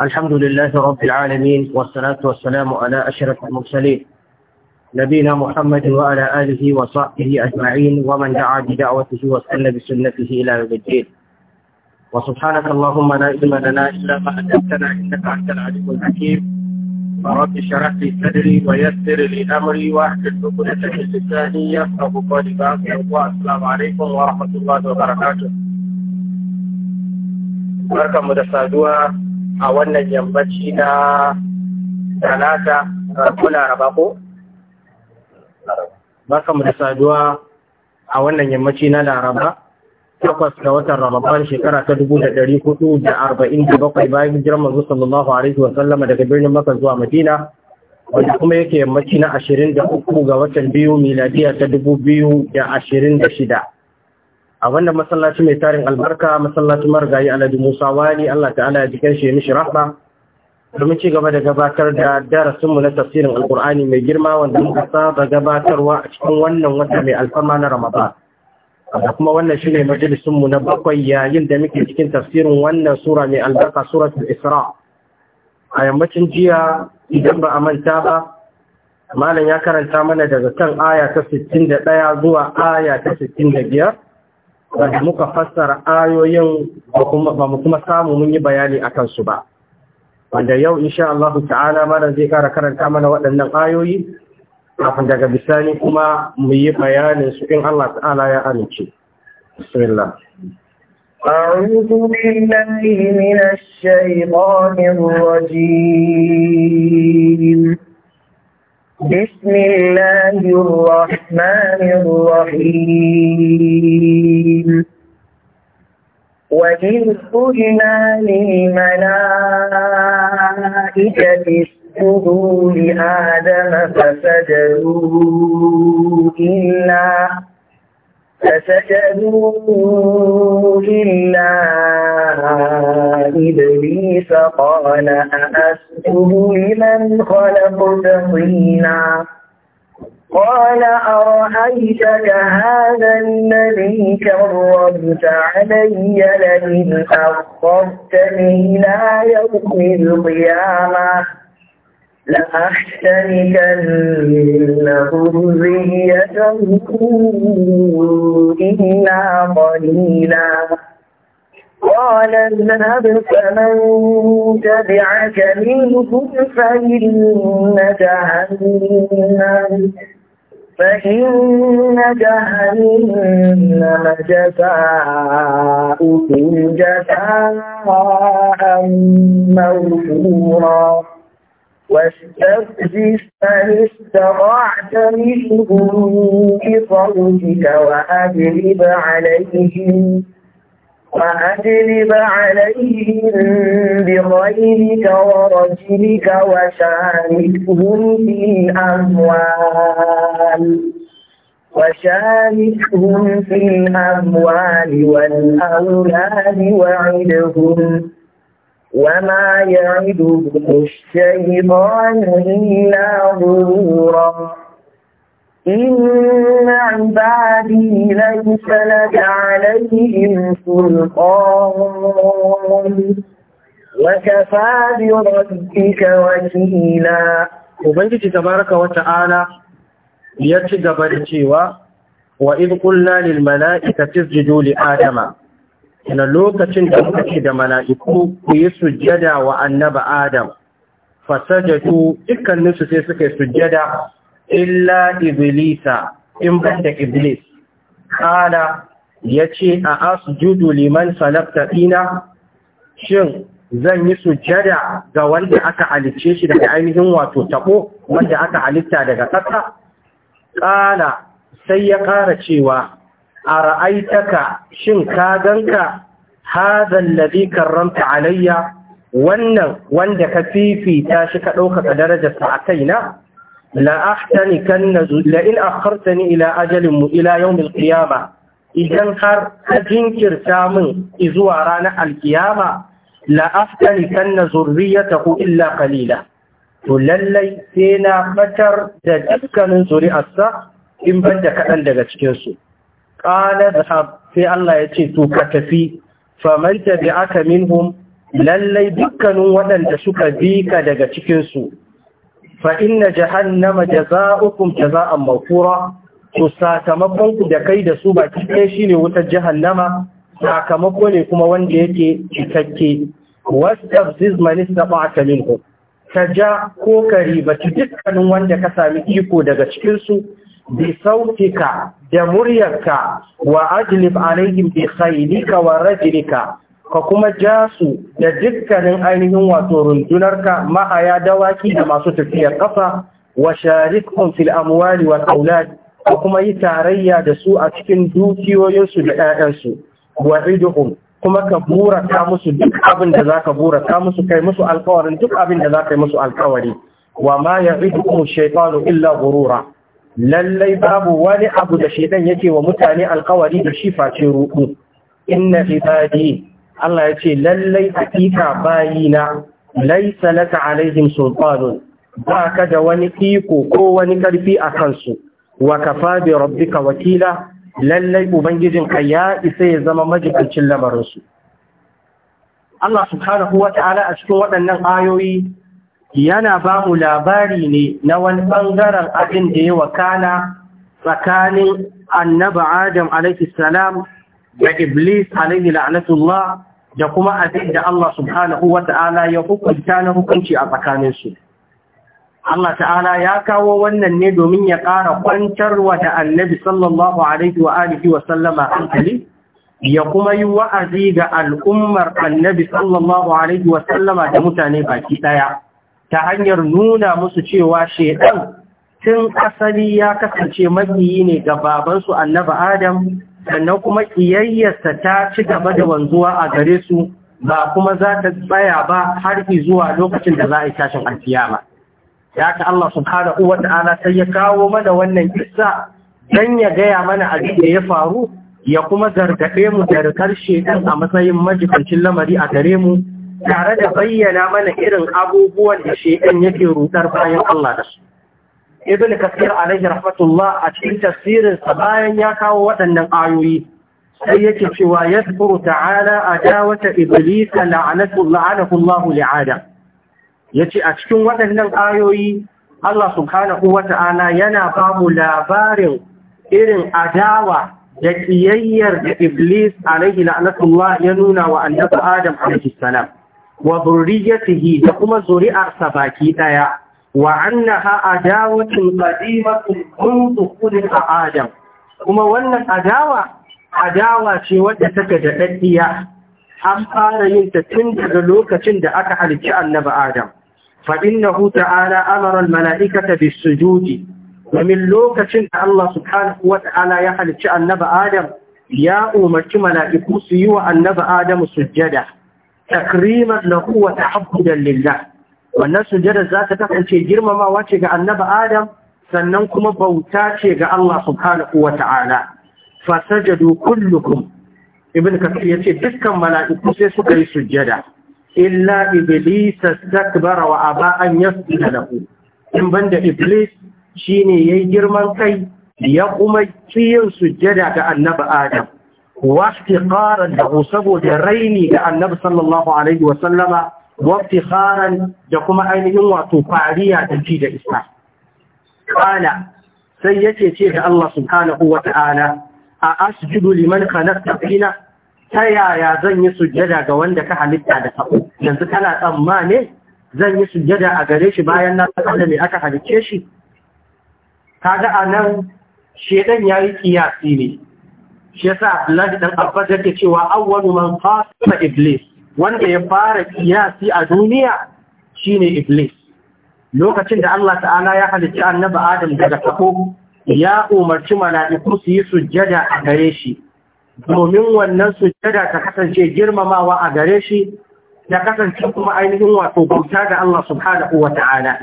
الحمد لله رب العالمين والصلاة والسلام على أشرف المرسلين نبينا محمد وعلى آله وصحبه أجمعين ومن دعا بدعوته وسأل بسنته إلى يوم الدين وسبحانك اللهم لا علم لنا إلا ما علمتنا إنك أنت العليم الحكيم رب اشرح لي صدري ويسر لي امري واحلل عقدة من لساني يفقهوا قولي السلام عليكم ورحمة الله وبركاته. بركة مدسادوها a wannan yammaci na talata ko raba ko? Barkanmu da saduwa a wannan yammaci na laraba takwas ga watan Ramadan shekara ta dubu da dari hudu da arba'in da bakwai bayan hijirar manzo sallallahu alaihi wa sallama daga birnin maka zuwa Madina wanda kuma yake yammaci na ashirin da uku ga watan biyu miladiya ta dubu biyu da ashirin da shida. a wannan masallaci mai tarin albarka masallacin marigayi al'adu, musa wani allah ta'ala ya jikin shi mishi rahma domin ci gaba da gabatar da darasinmu na tafsirin alkur'ani mai girma wanda muka saba gabatarwa a cikin wannan wata mai alfama na ramadan da kuma wannan shi ne majalisunmu na bakwai yayin da muke cikin tafsirin wannan sura mai albarka suratul isra a yammacin jiya idan ba a manta ba malam ya karanta mana daga kan aya ta 61 zuwa aya ta 65 ba muka fassara ayoyin ba mu kuma samu mun yi bayani a kansu ba wanda yau insha Allah ta'ala mana zai kara karanta mana waɗannan ayoyi kafin daga bisani kuma mu yi bayanin su in Allah ta'ala ya amince bismillah أعوذ بالله من الشيطان الرجيم بسم الله الرحمن الرحيم وإذ قلنا للملائكة اسجدوا لآدم فسجدوا إلا فسجدوا إلا إبليس قال أأسجد لمن خلقت طينا قال أرأيتك هذا الذي كرمت علي لئن أخرتني إلى يوم القيامة لأحتركن ذريته إلا قليلا قال اذهب فمن تبعك منهم فإن جهنم فإن جهنم جزاؤكم جزاء موفورا واستفزز من استطعت منهم بصوتك وأجلب عليهم وأجلب عليهم بغيرك ورجلك وشاركهم في الأموال وشاركهم في الأموال والأولاد وعدهم وما يعدهم الشيطان إلا غرورا إن عبادي ليس لك عليهم سلطان وكفى بربك وكيلا Ubangiji tabaraka wa ta'ala ya ci gaba da cewa wa idh qulna lil mala'ikati isjudu li adama na lokacin da muka ce da mala'iku ku yi sujjada wa annaba Adam, fasajatu dukkaninsu sai suka yi sujjada, illa Iblisa, in da Iblis. Kala ya ce a judu liman salabta ɗina, shin zan yi sujjada ga wanda aka halice shi daga ainihin wato taɓo wanda aka halitta daga ƙasa? Kala sai ya ƙara cewa a ra'aitaka shin ka ganka hadhan ladhi karramta alayya wannan wanda ka fifita shi ka ɗaukaka darajarsa a kaina la ahtanikanna la in akhartani ila ajalin mu ila yawmil qiyamah idan har ka jinkirta min zuwa ranar alkiyama la aftanikan na zurriyatahu illa qalila to lallai sai na fatar da dukkanin zuri'arsa in ban da kaɗan daga cikinsu da dhhab sai Allah ya ce to ka tafi aka min minhum lallai dukkanin waɗanda suka bi ka daga cikinsu su fa inna jahannama za a makura, to sakamakon ku da kai da su baki shi shine wutar jahannama sakamako ne kuma wanda yake cikakke wastafziz man istata'ta minhum ka ja ko ka ribaci dukkanin wanda ka sami iko daga cikinsu? bi sautika da muryarka wa ajlib alaihim bi khaylika wa rajlika ka kuma ja su da dukkanin ainihin wato rundunarka mahaya dawaki da masu tafiyar kafa wa sharikhum fil amwali wal aulad ka kuma yi tarayya da su a cikin dukiyoyinsu da 'ya'yansu wa idhum kuma ka burata musu duk abin da zaka burata musu kai musu alkawarin duk abin da zaka yi musu alkawari wa ma ya'idukum shaytanu illa ghurura lallai babu wani abu da shedan yake wa mutane alkawari da shi face ruɗu inna ibadi Allah ya ce lallai hakika bayina laisa laka alaihim sultanun ba ka da wani iko ko wani karfi a kansu wa kafa bi rabbika wakila lallai ubangijin ka ya isa ya zama majikancin lamarinsu Allah subhanahu wa ta'ala a cikin waɗannan ayoyi yana ba mu labari ne na wani ɓangaren abin da ya wakana tsakanin annaba adam alaihi salam da iblis alaihi la'anatullah da kuma abin da Allah subhanahu wa ta'ala ya hukunta na hukunci a tsakaninsu Allah ta'ala ya kawo wannan ne domin ya ƙara kwantar wa da annabi sallallahu alaihi wa alihi wa sallama hankali ya kuma yi wa'azi ga al'ummar annabi sallallahu alaihi wa sallama da mutane baki ɗaya. ta hanyar nuna musu cewa shedan tun asali ya kasance makiyi ne ga babansu Annabi adam sannan kuma ƙiyayyarsa ta ci gaba da wanzuwa a gare su ba kuma za ta tsaya ba har zuwa lokacin da za a yi tashin alfiyama ya ka Allah subhanahu wa ta'ala sai ya kawo mana wannan kissa dan ya gaya mana a da ya faru ya kuma gargaɗe mu da rikar shekan a matsayin majikancin lamari a gare mu tare da bayyana mana irin abubuwan da shekan yake rudar bayan Allah da su. Ibn Kasir alaihi rahmatullah a cikin tafsirinsa bayan ya kawo waɗannan ayoyi sai yake cewa ya tsoro ta'ala adawata iblis la'anatu la'anahu Allah li'ada yace a cikin waɗannan ayoyi Allah subhanahu ta'ala yana ba mu labarin irin adawa da ƙiyayyar da iblis alaihi la'anatu Allah ya nuna wa annabi Adam alaihi salam wa zurriyatihi da kuma zuri'arsa baki daya wa annaha adawatun qadimatun kuntu kulika adam kuma wannan adawa adawa ce wadda take da daddiya an fara yin ta tun daga lokacin da aka halicci annabi adam fa innahu ta'ala amara al-mala'ikata bis-sujudi domin lokacin da Allah subhanahu wa ta'ala ya halicci annabi adam ya umarci mala'iku su yi wa annabi adam sujjada takriman lahu wa ta'abbudan lillah wannan sujada za ta kasance girmamawa ce ga annabi Adam sannan kuma bauta ce ga Allah subhanahu wa ta'ala fasajadu kullukum ibn kafir yace dukkan mala'iku sai suka yi sujada. illa iblis istakbara wa aba an yasjuda lahu in banda iblis shine yayi girman kai ya kuma yin sujjada ga annabi Adam waftiƙarar da ku saboda raini ga annabi sallallahu Alaihi wasallama da kuma ainihin wato fariya da fi da isa. Ƙana, sai yake ce da Allah subhanahu wa ta’ala a asjudu liman khalar tafina ta yaya zan yi sujjada ga wanda ka halitta da sako, yanzu tana tsammane zan yi sujjada a gare shi bayan na tsada me aka halice shi. kaga a nan, shedan ya yi ne, shi yasa allah dan Abbas yake cewa awwalu man fasama iblis wanda ya fara kiyasi a duniya shine iblis lokacin da Allah ta'ala ya halitta annabi Adam daga kafo ya umarci mala'iku su yi sujjada a gare shi domin wannan sujjada ta kasance girmamawa a gare shi ta kasance kuma ainihin wato bauta ga Allah subhanahu wa ta'ala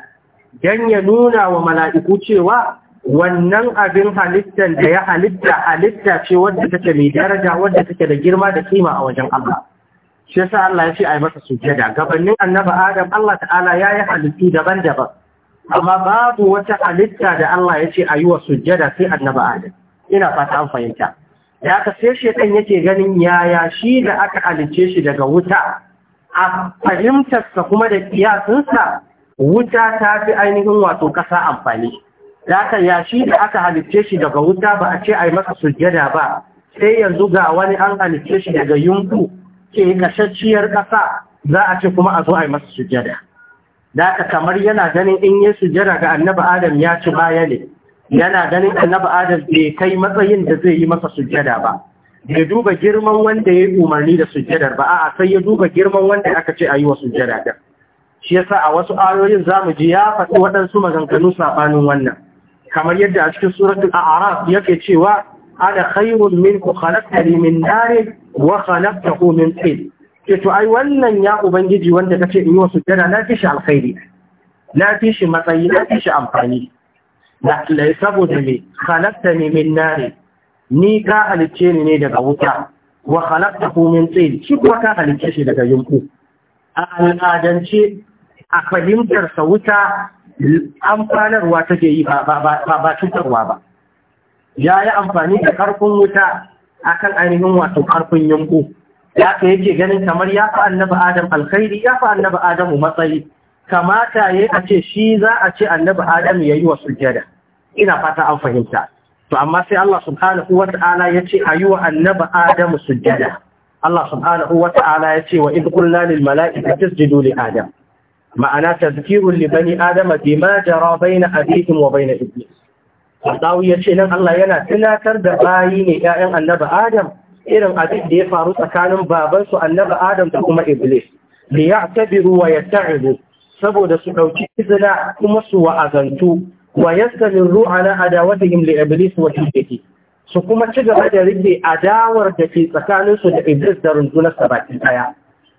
dan ya nuna wa mala'iku cewa wannan abin halitta da ya halitta halitta ce wadda take mai daraja wadda take da girma da kima a wajen Allah shi yasa Allah ya ce a yi masa sujada gabanin annabi Adam Allah ta'ala ya yi halittu daban-daban amma babu wata halitta da Allah ya ce a yi wa sujada sai annabi Adam ina fata an fahimta ya ka sai shekan yake ganin yaya shi da aka halicce shi daga wuta a fahimtarsa kuma da kiyasinsa wuta ta fi ainihin wato ƙasa amfani Da ya shi da aka halitce shi daga wuta ba a ce a yi masa sujjada ba, sai yanzu ga wani an halitce shi daga yunku ke gashacciyar ƙasa za a ce kuma a zo a yi masa sujjada. Daka kamar yana ganin in yi sujjada ga annaba Adam ya ci baya ne, yana ganin annaba Adam bai kai matsayin da zai yi masa sujjada ba. Bai duba girman wanda ya yi umarni da sujjadar ba, a'a sai ya duba girman wanda aka ce a yi wa sujjada ɗin. Shi yasa a wasu ayoyin zamu mu ji ya faɗi waɗansu maganganu saɓanin wannan. kamar yadda a cikin suratul a'raf yake cewa ana khayrun minku khalaqtani min nar wa khalaqtahu min tin to ai wannan ya ubangiji wanda kace in yi sujjada na fi shi alkhairi na fi shi matsayi na fi shi amfani da saboda budi khalaqtani min nar ni ka halicce ni ne daga wuta wa khalaqtahu min tin shi kuma ka halicce shi daga yunku a al'adance a fahimtar sa wuta amfanarwa take yi ba cutarwa ba ya yi amfani da karfin wuta akan ainihin wato karfin yanko ya ka yake ganin kamar ya fi annaba adam alkhairi ya fi annaba adamu matsayi kamata ya a ce shi za a ce annaba adam ya yi wa sujjada ina fata an fahimta to amma sai Allah subhanahu wa ta'ala ya ce a yi wa annaba adamu sujjada Allah subhanahu wa ta'ala ya ce wa idh qulna lil mala'ikati isjudu li adam ma'ana tazkirun li bani adama bima jara baina abihim wa baina iblis Asawi ya ce nan Allah yana tunatar da bayi ne ‘ya'yan annaba Adam irin abin da ya faru tsakanin babansu annaba Adam da kuma Iblis, da ya wa ya saboda su ɗauki izina kuma su wa'azantu, wa ya tsanin na adawatihim da Iblis wa shi su kuma ci gaba da rike adawar da ke tsakaninsu da Iblis da rundunar baki ɗaya.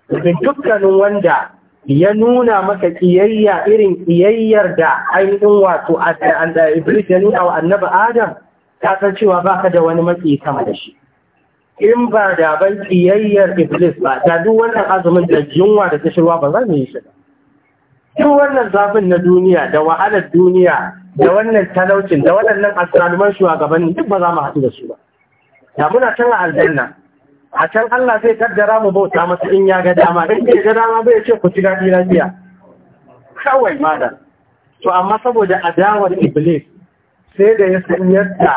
Dukkanin wanda ya nuna maka kiyayya irin kiyayyar da ainihin wato Iblis ya nuna wa annaba Adam ta san cewa ba ka da wani matsi sama da shi. In ba da ban kiyayyar Iblis ba, ta duk wannan azumin da yunwa da tashirwa ba za mu yi shi ba. Duk wannan zafin na duniya da wahalar duniya da wannan talaucin da waɗannan asaliman shugabanni duk ba za mu haɗu da su ba. Da muna tana aljanna a can Allah zai kaddara mu bauta masu in ya ga dama in ya ga dama bai ce ku ci daɗi lafiya kawai malam to amma saboda adawar iblis sai da ya san yadda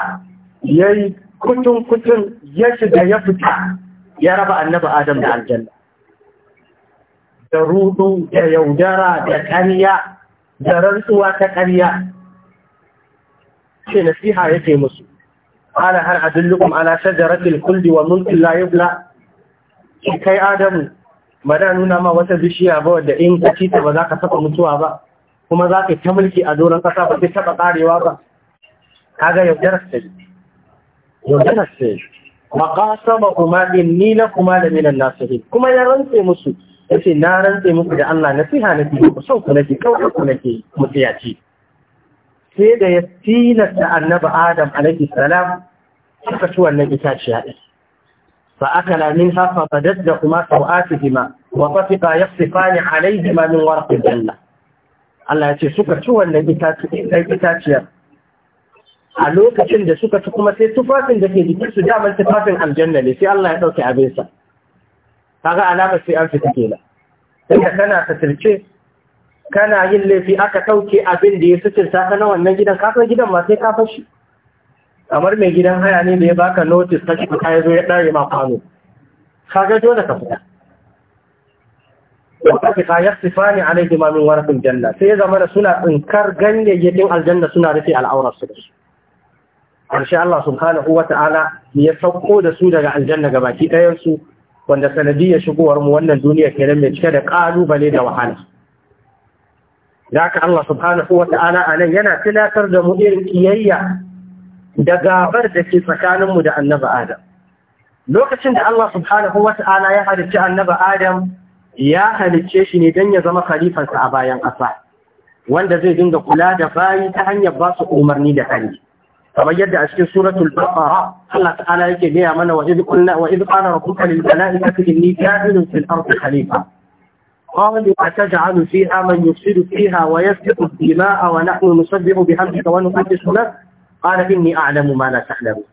yi kutun kutun ya shiga ya fita ya raba annabi Adam da aljanna da rudu da yaudara da ƙarya da rantsuwa ta ƙarya ce nasiha yake musu قال هل أدلكم على شجرة الكلد وملك لا يبلى kai Adamu ba da nuna ma wata bishiya ba wadda in ka ci ta ba za ka mutuwa ba kuma za ka ta mulki a doron kasa, ba zai taɓa ƙarewa ba kaga yaudarar ta yi yaudarar ta yi maƙasama kuma in ni na kuma da minan kuma ya rantse musu ya na rantse musu da Allah nasiha na ku nake kawai ku nake mutiyaci sai da ya tilasta annabi Adam alaihi salam suka ci wannan itaciya din fa akala minha fa badat lahuma jima, wa tafiqa yaqsifani alayhima min warqil janna Allah ya ce suka ci wannan itaciyar a lokacin da suka ci kuma sai tufafin da ke jikin su damar tufafin aljanna ne sai Allah ya dauke abinsa kaga alamar sai an fita kenan tunda kana satirce kana yin laifi aka ɗauke abin da ya sucin ta na wannan gidan kafin gidan ma sai kafa shi kamar mai gidan haya ne da ya baka notis ta shi ka zo ya ɗare ma kwano kaga dole ka fita wata ka ya sifa ne a laifin mamin warafin janna sai ya zama da suna tsinkar ganyayyakin aljanna suna rufe al'aurarsu da su ƙarshe Allah subhanahu wa ta'ala ya sauko da su daga aljanna ga baki ɗayansu wanda sanadiyar shigowar mu wannan duniya kenan mai cike da ƙalubale da wahala da haka Allah subhanahu wa ta'ala a nan yana tilatar da mu irin kiyayya da gabar da ke tsakaninmu da annaba Adam. Lokacin da Allah subhanahu wa ta'ala ya halicci annaba Adam ya halicce shi ne don ya zama khalifansa a bayan ƙasa, wanda zai dinga kula da bayi ta hanyar ba su umarni da hali. kamar yadda a cikin suratul baqara Allah ta'ala yake gaya mana wa idh qulna wa idh qala rabbuka lil malaikati inni ja'ilun fil ardi khalifa قال أتجعل فيها من يفسد فيها ويسبق الدماء ونحن نصدق بحمدك ونقدس لك قال إني أعلم ما لا تعلمون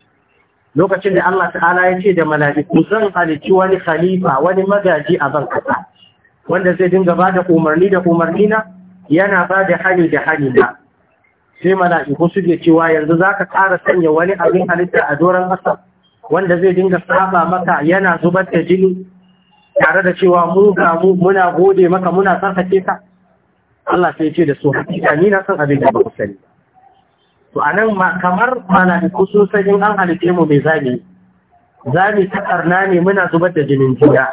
lokacin da Allah ta'ala ya ce da mala'iku zan halicci wani khalifa wani magaji a ban kasa wanda zai dinga ba da umarni da umarni na yana ba da hani da hani na sai mala'iku suke cewa yanzu za ka ƙara sanya wani abin halitta a doron ƙasa wanda zai dinga saba maka yana zubar da jini tare da cewa mu ga mu muna gode maka muna sarkace ka Allah sai ce da su hakika ni na san abin da ba ku sani to anan ma kamar mana sun san in an halice mu mai zami zami ta karna ne muna zubar da jinin jiya.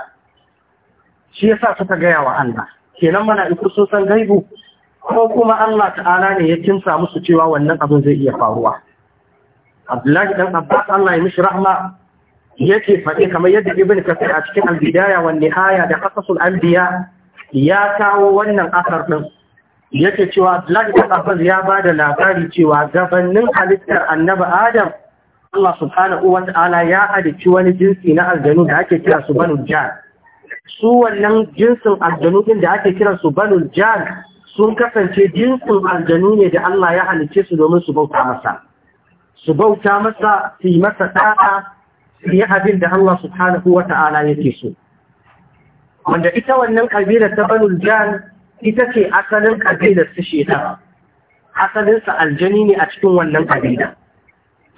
shi yasa suka gaya wa Allah kenan mana sun san gaibu ko kuma Allah ta'ala ne ya kimsa musu cewa wannan abin zai iya faruwa Abdullahi dan Abbas Allah ya mishi rahma yake faɗi kamar yadda ibn kasir a cikin albidaya wa nihaya da qasasul anbiya ya kawo wannan asar din yake cewa Abdullahi ta Abbas ya ba da labari cewa gabanin halittar annabi Adam Allah subhanahu wa ta'ala ya ci wani jinsi na aljanu da ake kira su banul jan su wannan jinsin aljanu din da ake kira su banul jan sun kasance jinsin aljanu ne da Allah ya halicce su domin su bauta masa su bauta masa su yi masa ɗaya. yi abin da Allah subhanahu wa ta'ala yake so wanda ita wannan kabilar ta banul jan ita ce asalin ƙabilar su shaitan asalin aljani ne a cikin wannan ƙabila.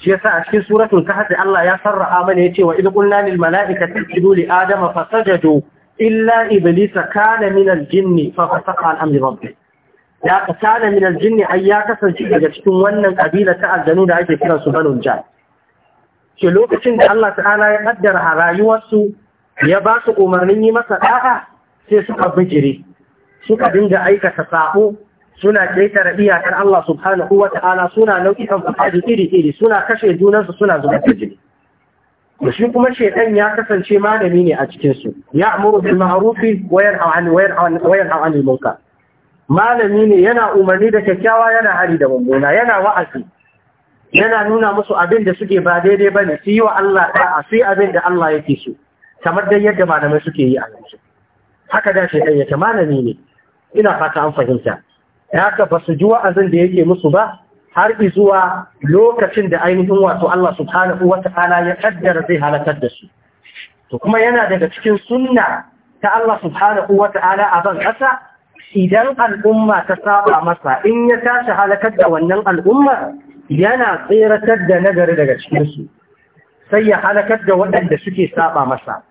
shi yasa a cikin suratun ta kahf Allah ya sarraha mana ce wa idh qulna mala'ika ta isjudu li adama fasajadu illa iblisa kana min al-jinn fa fasaqa an amri rabbih ya kana min al-jinn ya kasance daga cikin wannan ƙabila ta aljanu da ake kiransu banul jan ke lokacin da Allah ta'ala ya kaddara a rayuwarsu ya ba su umarnin yi masa ɗa'a sai suka bijire suka dinga aikata sabo suna ƙetare iyakar Allah subhanahu wa ta'ala suna nau'ikan fasadi iri-iri suna kashe junansu suna zuba da jini shi kuma shedan ya kasance malami ne a cikinsu ya amuru bil ma'rufi wayan yanha 'anil malami ne yana umarni da kyakkyawa yana hari da mummuna yana wa'azi yana nuna musu abin da suke ba daidai ba ne su yi wa Allah ɗa'a su yi abin da Allah yake so kamar dai yadda malamai suke yi a yanzu haka da shi ɗaya malami ne ina fata an fahimta ya ka ba su ji wa'azin da yake musu ba har zuwa lokacin da ainihin wato Allah subhanahu wa ta'ala ya kaddara zai halakar da su to kuma yana daga cikin sunna ta Allah subhanahu wa ta'ala a ban ƙasa idan al'umma ta saba masa in ya tashi halakar da wannan al'ummar yana tseratar da nagari daga cikinsu sai ya halakar da waɗanda suke saba masa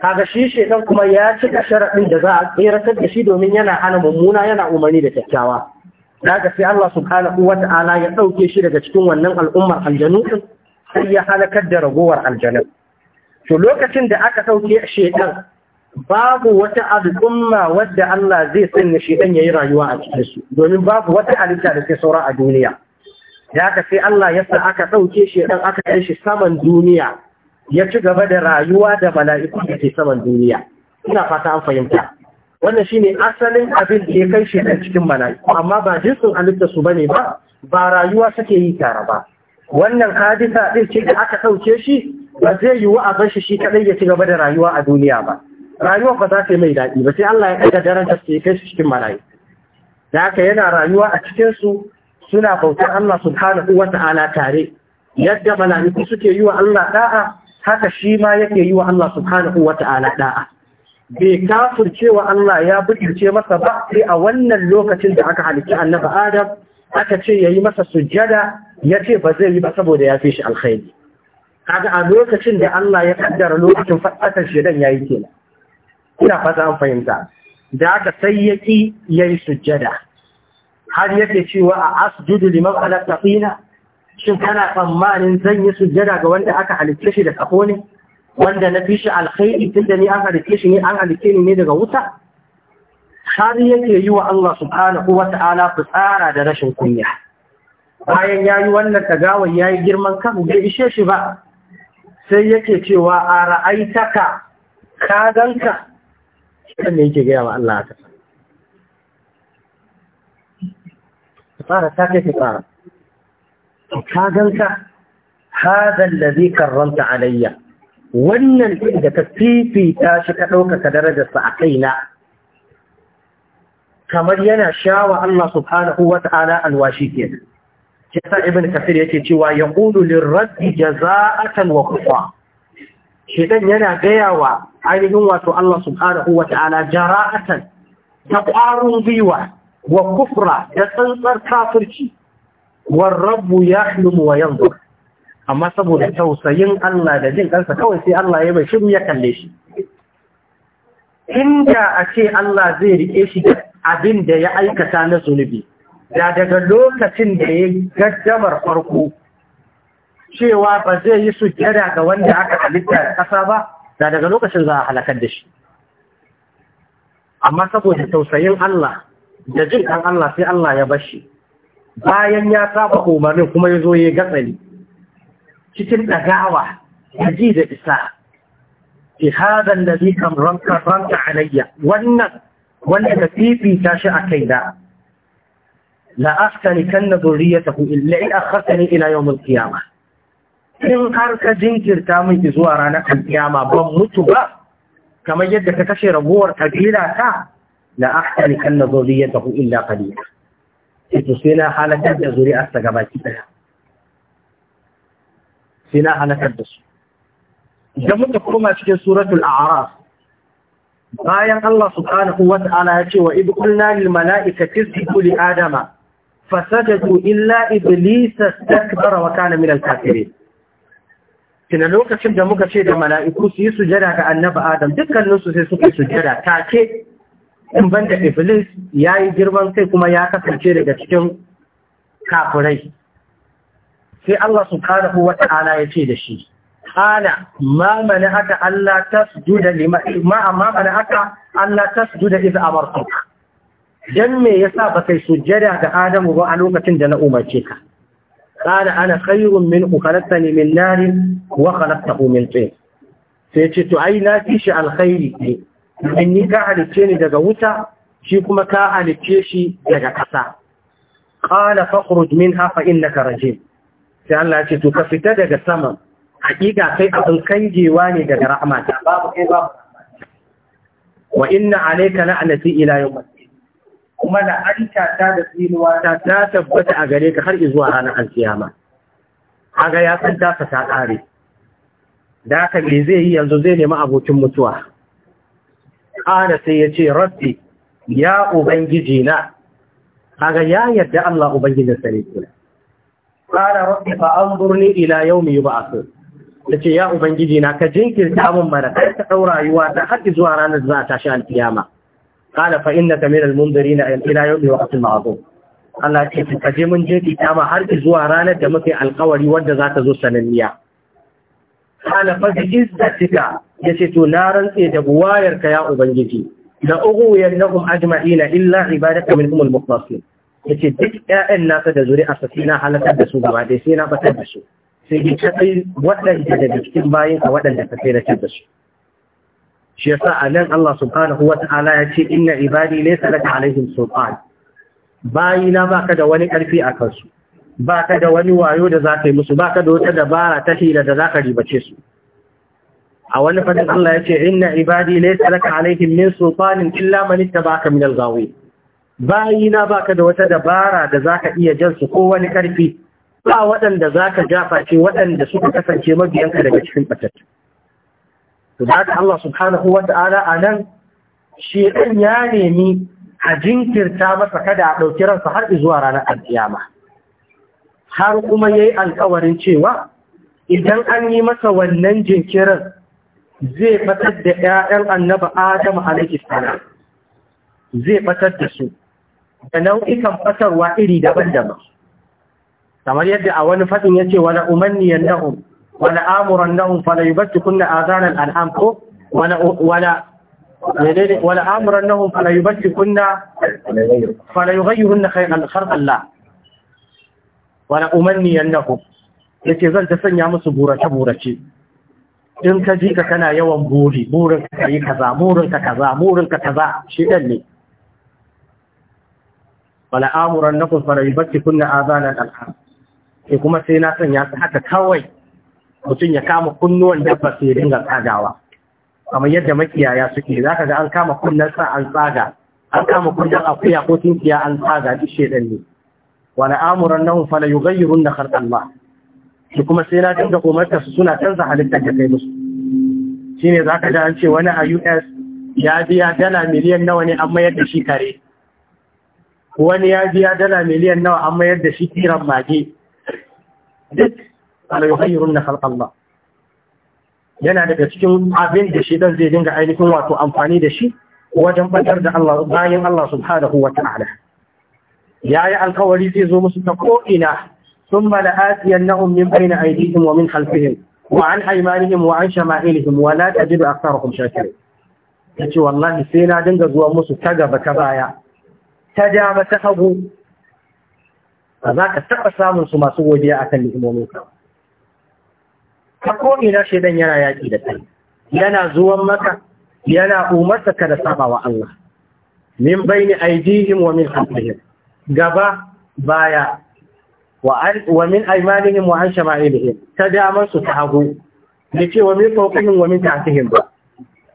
kaga shi shekan kuma ya cika sharaɗin da za a tseratar da shi domin yana hana mummuna yana umarni da kyakkyawa daga sai Allah subhanahu wata'ala ya ɗauke shi daga cikin wannan al'ummar aljanu sai ya halakar da ragowar aljanu to lokacin da aka ɗauke shekan babu wata al'umma wadda Allah zai sanya shekan ya yi rayuwa a cikinsu domin babu wata halitta da ke saura a duniya ya ka sai Allah ya sa aka ɗauke shi ɗan aka kai shi saman duniya ya ci gaba da rayuwa da mala'iku da ke saman duniya ina fata an fahimta wannan shine asalin abin da ya kai shi ɗan cikin mala'iku amma ba jinsin halitta su bane ba ba rayuwa suke yi tare ba wannan hadisa ɗin ce da aka ɗauke shi ba zai yiwu a bar shi shi kaɗai ya ci gaba da rayuwa a duniya ba rayuwa ba za ta yi mai daɗi ba sai Allah ya ɗaga daren su suke kai shi cikin mala'iku da haka yana rayuwa a cikinsu suna bautar Allah subhanahu wa ta'ala tare yadda malaiku suke yi wa Allah da'a haka shi ma yake yi wa Allah subhanahu wa ta'ala da'a bai kafirce wa Allah ya bukirce masa ba sai a wannan lokacin da aka halicci annabi Adam aka ce yayi masa sujjada yace ba zai yi ba saboda ya fi shi alkhairi kaga a lokacin da Allah ya kaddara lokacin fadakar shedan yayi kenan ina fata an fahimta da aka sai yaki yayi sujjada har yake cewa a asjudu liman alattaqina shin kana tsammanin zan yi sujjada ga wanda aka halitta shi da kafo ne wanda na fi alkhairi tunda ni an halitta shi ne an halitta ni ne daga wuta har yake yi wa Allah subhanahu wa ta'ala fitsara da rashin kunya bayan yayi wannan tagawar yayi girman kan bai ishe shi ba sai yake cewa a ra'aitaka ka ganka ne yake gaya wa Allah ta'ala fara ta kai fara ka ganka hadha alladhi karramta alayya wannan din da ka fifita shi ka ɗaukaka darajarsa a kaina kamar yana shawa Allah subhanahu wa ta'ala alwashi ke kisa ibn kafir yake cewa ya ƙulu lirraddi jaza'atan wa kufa shedan yana gayawa ainihin wato Allah subhanahu wa ta'ala jara'atan ta ƙwarin gwiwa wa kufra da tsantsar kafirci war rabbu yahlumu wa yanzu. amma saboda tausayin Allah da jin kansa kawai sai Allah ya bai shiru ya kalle shi inda a ce Allah zai rike shi da abin da ya aikata na zunubi da daga lokacin da ya gaddamar farko cewa ba zai yi sujjada ga wanda aka halitta kasa ba da daga lokacin za a halakar da shi amma saboda tausayin Allah da jin ɗan Allah sai Allah ya bashi bayan ya saba umarnin kuma ya zo ya gatsali cikin ɗagawa ya ji da isa fi hadan da zai kan ranka ranta alayya wannan wanda ka fifita shi a kai da askani kan na ku illa in akhartani ila yawmul qiyamah in har ka jinkirta min zuwa ranar alkiyama ban mutu ba kamar yadda ka kashe raguwar kabila ta la ahtani kanna zuriyatahu illa qalila ito sai na halakar da zuri'arsa gabaki daya sai na halakar su idan muka koma cikin suratul a'raf bayan Allah subhanahu wa ta'ala ya ce wa id qulna lil adama illa iblis istakbara wa kina lokacin da muka ce da mala'iku su yi sujada ga annabi adam dukkanin sai suka sujada take in banda iblis ya yi girman kai kuma ya kasance daga cikin kafirai sai Allah su subhanahu wa ta'ala ya ce da shi ana ma mana haka Allah tasjuda lima ma mana haka Allah tasjuda idza amartuk dan me yasa ba kai sujjada ga Adamu ba a lokacin da na umarce ka ana min قال أنا خير من خلقتني من نار وخلقته من طين سيتي تعينا alkhairi ne. domin ni ka halicce ni daga wuta shi kuma ka halicce shi daga ƙasa qala fakhruj minha fa innaka rajim sai Allah ce to ka fita daga sama hakika sai abin kangewa ne daga rahmata babu kai babu wa inna alayka la'nati ila yawm kuma la'anta ta da tsinuwa ta ta tabbata a gare ka har zuwa ranar alkiyama kaga ya san ta ta kare da ka me zai yi yanzu zai nemi abokin mutuwa kana sai ya ce rabbi ya ubangiji na kaga ya yadda Allah ubangijin sa ne kula kana rabbi fa anzurni ila yawmi yub'ath yace ya ubangiji na ka jinkirta min mana kai ka daura rayuwa ta har zuwa ranar za ta shi alkiyama kana fa innaka min almunzirin ila yawmi waqtil ma'dud Allah ce ka je mun je kiyama har zuwa ranar da muke alkawari wanda za ta zo sananniya kana fa izzatika ya ce to na rantse da ka ya ubangiji da ugu ajma'i na illa ibadaka minhum al-mukhlasin yace duk ƴaƴan nasa da zuri'arsa sai na halakar da su gaba dai sai na batar da su sai dai kadai waɗanda daga cikin bayin ka waɗanda ka sai na da su shi yasa anan Allah subhanahu wata'ala ya ce inna ibadi laysa laka alaihim sultan bayina ka da wani ƙarfi a kansu ka da wani wayo da zaka yi musu baka da wata dabara ta hira da zaka ribace su a wani fadin Allah ya ce inna ibadi laysa laka alaihim min sultanin illa man ittaba'aka min al bayina baka da wata dabara da zaka iya jan su ko wani karfi ba waɗanda zaka jafa ce waɗanda suka kasance mabiyanka daga cikin batattu to da Allah subhanahu wa ta'ala anan shi ɗan ya nemi a jinkirta masa kada a ɗauki ransa har zuwa ranar alƙiyama har kuma ya yi alƙawarin cewa idan an yi masa wannan jinkirin zai batar da ‘ya'yan annaba Adam alaikistana, zai batar da su, da nau'ikan batarwa iri daban-daban. Kamar yadda a wani faɗin ya ce, wani umarniyar na'un, wani amuran na'un falayubattu kunna a zanen al'am ko wani amuran na'un falayubattu kunna falayugayyuhun na kai Allah. Wani umarniyar na'un, ya ce zan ta sanya musu burace-burace. in ka ji ka kana yawan buri burin ka yi kaza burin ka kaza burin ka kaza shi dan ne wala amuran nakum fara yubatti kunna azanan alham sai kuma sai na sanya su haka kawai mutum ya kama kunnuwan dabba sai dinga tsagawa kamar yadda makiyaya suke zaka ga an kama kunnen sa an tsaga an kama kunnen akuya ko tinkiya an tsaga duk ɗan ne wala amuran nahum fala yughayyirunna khalqa Allah shi kuma sai na canza komarta su suna canza halitta ta kai musu shine za ka ji an ce wani a US ya biya dala miliyan nawa ne an mayar da shi kare wani ya biya dala miliyan nawa an mayar da shi kiran mage duk ala yuhayyirun na khalqallah yana daga cikin abin da shi dan zai dinga ainihin wato amfani da shi wajen batar da Allah bayan Allah subhanahu wa ta'ala yi alkawari zai zo musu ta ko'ina, sun thumma la'atiyannahum min bayni aydihim wa min khalfihim وعن أيمانهم وعن شمائلهم ولا تجد أكثرهم شاكرين yace wallahi sai na dinga zuwa musu ta gaba ta baya ta dama ta hagu ba za ka taɓa samun su masu godiya akan ni'imomin ka ta ko ina shedan yana yaƙi da kai yana zuwan maka yana umarta ka da saba wa Allah min baini aidihim wa min khalfihim gaba baya wa min aimanihim wa an shama'ilihim ta damar su ta hagu da ce wa min fawqihim wa min tahtihim ba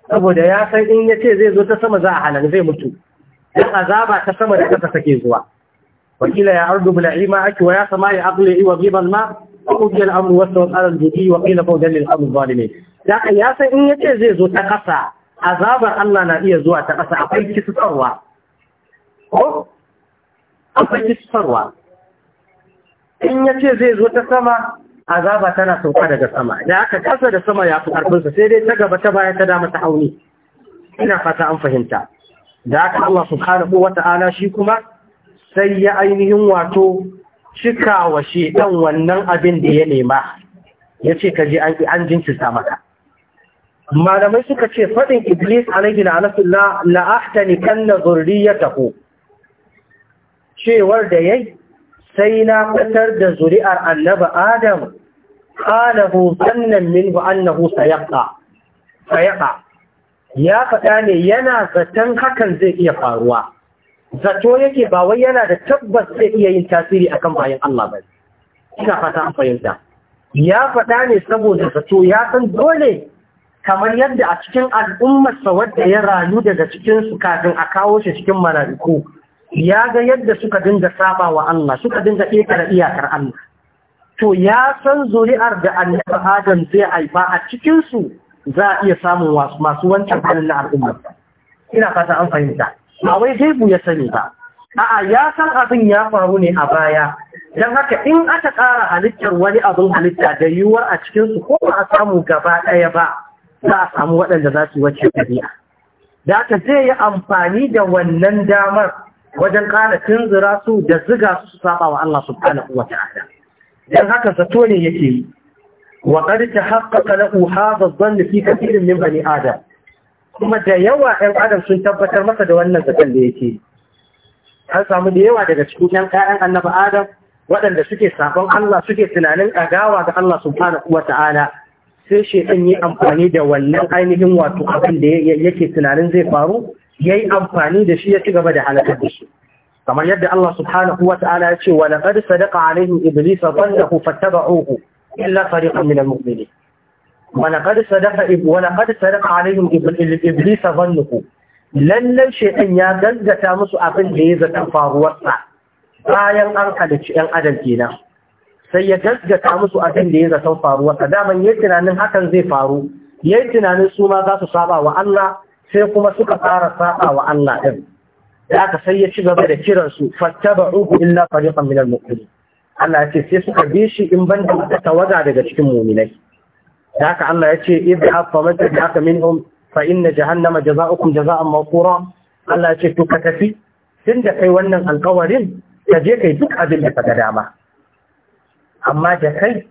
saboda ya san in yace zai zo ta sama za a halal zai mutu dan azaba ta sama da kasa take zuwa wakila ya ardu bil ilma wa ya sama'i aqli wa ghibal ma uqil al amru wa sawal al judi wa qila fawdan lil amr ya san in yace zai zo ta kasa azabar Allah na iya zuwa ta kasa akwai kisarwa ko akwai in ya ce zai zo ta sama azaba tana sauka daga sama da aka kasa da sama ya fi ƙarfinsa sai dai ta gaba ta baya ta dama ta hauni ina fata an fahimta da aka Allah ko wata ala shi kuma sai ya ainihin wato cika wa dan wannan abin da ya nema ya ce ka ji an jinkirta maka malamai suka ce faɗin iblis alaihi la'anatullah la'ahtani ya zurriyatahu cewar da yayi sai na fitar da zuri'ar annaba adam qalahu sannan minhu annahu sayaqa ya faɗa ne yana zaton hakan zai iya faruwa zato yake ba wai yana da tabbas zai iya yin tasiri akan bayan Allah ba ina fata a fahimta ya faɗa ne saboda zato ya san dole kamar yadda a cikin al'ummarsa wadda ya rayu daga cikinsu kafin a kawo shi cikin mala'iku ya ga yadda suka dinga saba wa Allah suka dinga ƙetare iyakar Allah to ya san zuri'ar da annabi Adam zai aifa a cikinsu su za a iya samun masu wancan hannun na al'umma ina fata an fahimta ba wai zai ya sani ba a'a ya san abin ya faru ne a baya don haka in aka kara halittar wani abin halitta da yiwuwar a cikinsu ko ba a samu gaba ɗaya ba za a samu waɗanda za su wacce ɗabi'a da aka zai yi amfani da wannan damar wajen ƙara tunzura su da ziga su saba wa Allah subhanahu wa ta'ala dan haka zato ne yake yi wa ta tahaqqaqa lahu hadha adh-dhann fi kathirin min bani adam kuma da yawa ɗan adam sun tabbatar masa da wannan zaton da yake an samu da yawa daga cikin ɗan ƙaran annabi adam waɗanda suke sabon Allah suke tunanin agawa ga Allah subhanahu wa ta'ala sai shi ɗan yi amfani da wannan ainihin wato abin da yake tunanin zai faru Ya yi amfani da shi ya ci gaba da halakar da shi kamar yadda Allah subhanahu wa ta'ala ya ce wa laqad sadaqa alaihim iblis dhannahu fattaba'uhu illa fariqan min al-mu'minin wa laqad sadaqa wa laqad sadaqa alaihim iblis dhannahu lallan shaytan ya gaggata musu abin da ya zata faruwarsa bayan an halicci yan adam kenan sai ya gaggata musu abin da ya zata faruwarsa daman yi tunanin hakan zai faru yayin tunanin su ma za su saba wa Allah sai kuma suka fara sa'a wa Allah ɗin da aka sai ya ci gaba da kiransu fattaba'uhu illa fariqan minal mu'minin Allah ya ce sai suka bi shi in ban da tawaga daga cikin mu'minai da haka Allah ya ce idhab fa man tabi'aka minhum fa inna jahannama jaza'ukum jaza'an mawqura Allah ya ce to ka tafi da kai wannan alƙawarin ka je kai duk abin da ka ga dama amma da kai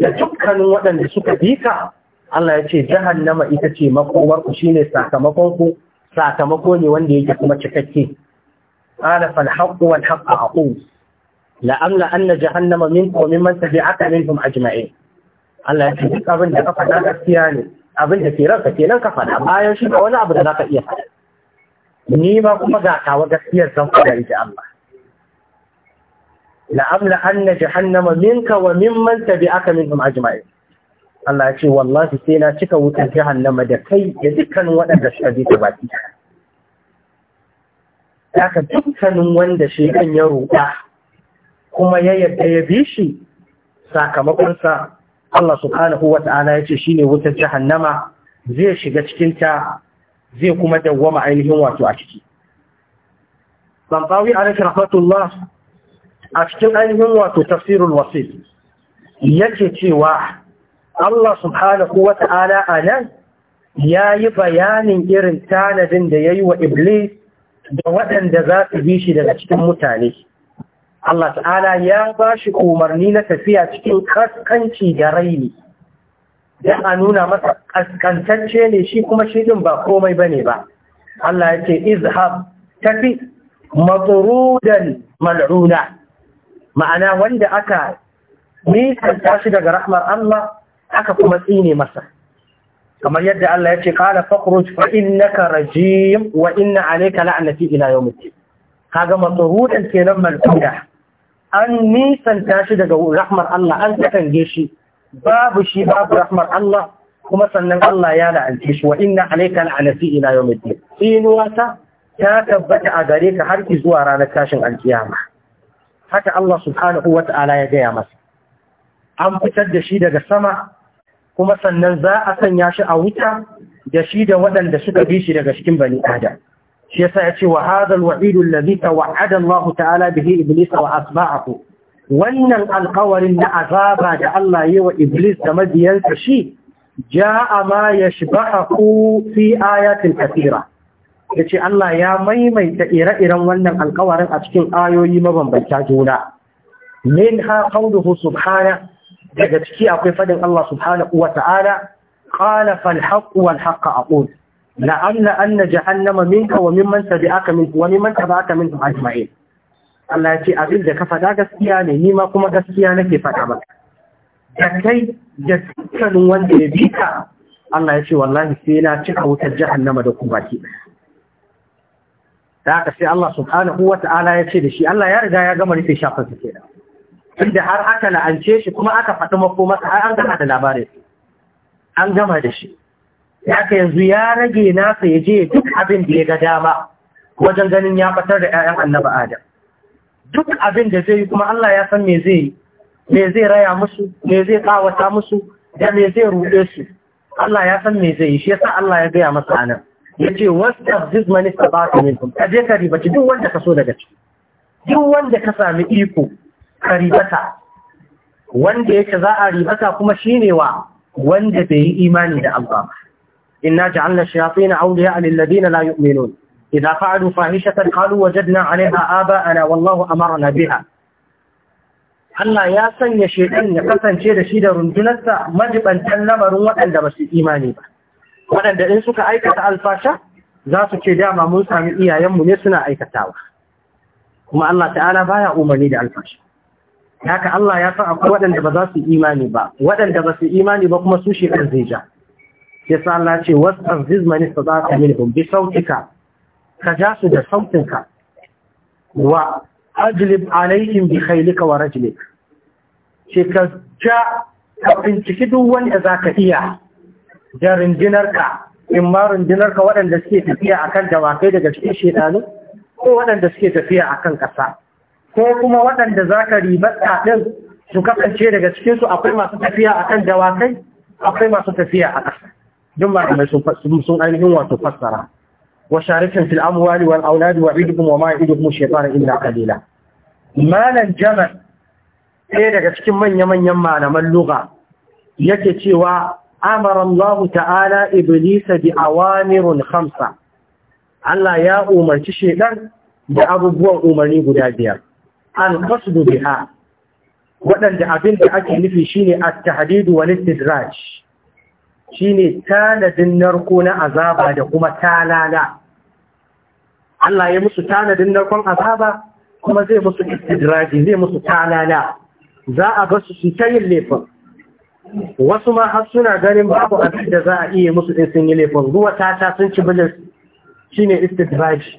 da dukkanin waɗanda suka bi ka Allah ya ce jahannama ita ce makowarku ku shine sakamakon ku sakamako ne wanda yake kuma cikakke qala fal haqqu wal haqqu aqul la amla anna jahannama minkum wa mimman tabi'aka minhum ajma'in Allah ya ce duk abin da ka faɗa gaskiya ne abin da ke ranka kenan ka faɗa bayan shi ba wani abu da zaka iya faɗa ni ma kuma ga tawa gaskiyar zan faɗa ji Allah la amla anna jahannama minka wa mimman tabi'aka minhum ajma'in Allah ya ce wallahi sai na cika wutar jahannama da kai da dukkanin waɗanda suka je ta baki haka dukkanin wanda shekan ya roƙa kuma ya yadda ya bi shi sakamakonsa Allah subhanahu Ta'ala ya ce shi ne wutar jahannama zai shiga cikinta zai kuma dawwama ainihin wato a ciki. Bantawi alaihi rahmatullah a cikin ainihin wato tafsirul wasil yake cewa Allah subhanahu wa ta'ala a nan ya yi bayanin irin tanadin da ya yi wa Iblis da waɗanda za su bi shi daga cikin mutane. Allah ta'ala ya ba shi umarni na tafiya cikin kaskanci da raini, da a nuna masa kaskantacce ne shi kuma shi ɗin ba komai ba ne ba. Allah ya ce, Izhab, tafi, matsurudan mal'una, ma'ana wanda aka nisanta shi daga rahmar Allah aka kuma tsine masa kamar yadda Allah ya ce qala fakhruj fa innaka rajim wa inna alayka la'nati ila yawmiddin kaga matsurudan kenan malkuda an nisanta tashi daga rahmar Allah an katange shi babu shi babu rahmar Allah kuma sannan Allah ya la'ance shi wa inna alayka la'nati ila yawmiddin tsinuwa ta ta tabbata a gare ka har zuwa ranar tashin alkiyama haka Allah subhanahu wata'ala ya gaya masa an fitar da shi daga sama kuma sannan za a sanya shi a wuta da shi da waɗanda suka bi shi daga cikin bani adam shi yasa ya ce wa hadal wa'idu allazi tawa'ada Allah ta'ala bihi iblis wa asba'ahu wannan alƙawarin na azaba da Allah yi wa iblis da mabiyansa shi ja'a ma yashba'ahu fi ayatin kathira yace Allah ya maimaita ire-iren wannan alƙawarin a cikin ayoyi mabambanta juna min ha qawluhu subhanahu daga ciki akwai fadin Allah subhanahu wa ta'ala qala fal haqq wal haqq aqul la anna anna jahannama minka wa mimman tabi'aka ba aka mimman tabi'aka min Allah ya ce abin da ka faɗa gaskiya ne ni ma kuma gaskiya nake faɗa maka da kai da dukkanin wanda ya bi ka Allah ya ce wallahi sai na cika wutar jahannama da ku baki da aka sai Allah subhanahu wa ta'ala ya ce da shi Allah ya riga ya gama rufe shafin sa kenan inda har aka la'ance shi kuma aka faɗi mako masa, har an gama da labarin an gama da shi ka yanzu ya rage nasa ya je duk abin da ya ga dama wajen ganin ya fatar da 'ya'yan annaba adam duk abin da zai yi kuma Allah ya san me zai me zai raya musu me zai kawata musu da me zai ruɗe su Allah ya san me zai yi shi yasa Allah ya gaya masa anan yace wastafziz man istabata ka kaje ka ribaci duk wanda ka so daga ciki duk wanda ka sami iko ka ribata wanda yake za a ribata kuma shine wa wanda bai yi imani da Allah inna ja'alna shayatin awliya lil ladina la yu'minun idza fa'alu fahishatan qalu wajadna 'alayha aba'ana wallahu amarna biha Allah ya sanya shedan ya kasance da shi da rundunarsa majibantan lamarin waɗanda ba su imani ba waɗanda in suka aikata alfasha za su ce dama mun sami iyayenmu ne suna aikatawa kuma Allah ta'ala baya umarni da alfasha. haka Allah ya san akwai waɗanda ba za su imani ba waɗanda ba su imani ba kuma su shekar zai ja ya sa Allah ce wasan zizmani su za ka minhum bi sautika ka ja su da sautinka wa ajilib alaihim bi khailika wa rajilik ce ka ja ka binciki duk wanda za ka iya da rundunarka in ma rundunarka waɗanda suke tafiya akan dawakai daga cikin shedanu ko waɗanda suke tafiya akan ƙasa ko kuma waɗanda za ka ribata ɗin su kasance daga cikinsu akwai masu tafiya a kan dawakai akwai masu tafiya a ƙasa duk mai sun ainihin wato fassara wa sharifin fil amwali wal auladi wa idukum wa ma idukum shaytan illa qalila malan jamal ɗaya daga cikin manya-manyan malaman lugha yake cewa amara Allah ta'ala iblisa bi awamirun khamsa Allah ya umarci shedan da abubuwan umarni guda biyar al-qasdu biha waɗanda abin da ake nufi shine at-tahdid wal istidraj shine tanadin narko na azaba da kuma talala Allah ya musu tanadin narkon azaba kuma zai musu istidraji zai musu talala za a ga su ta yin laifin wasu ma har suna ganin babu abin da za a iya musu in sun yi laifin ruwa ta ta sun ci bilis shine istidraji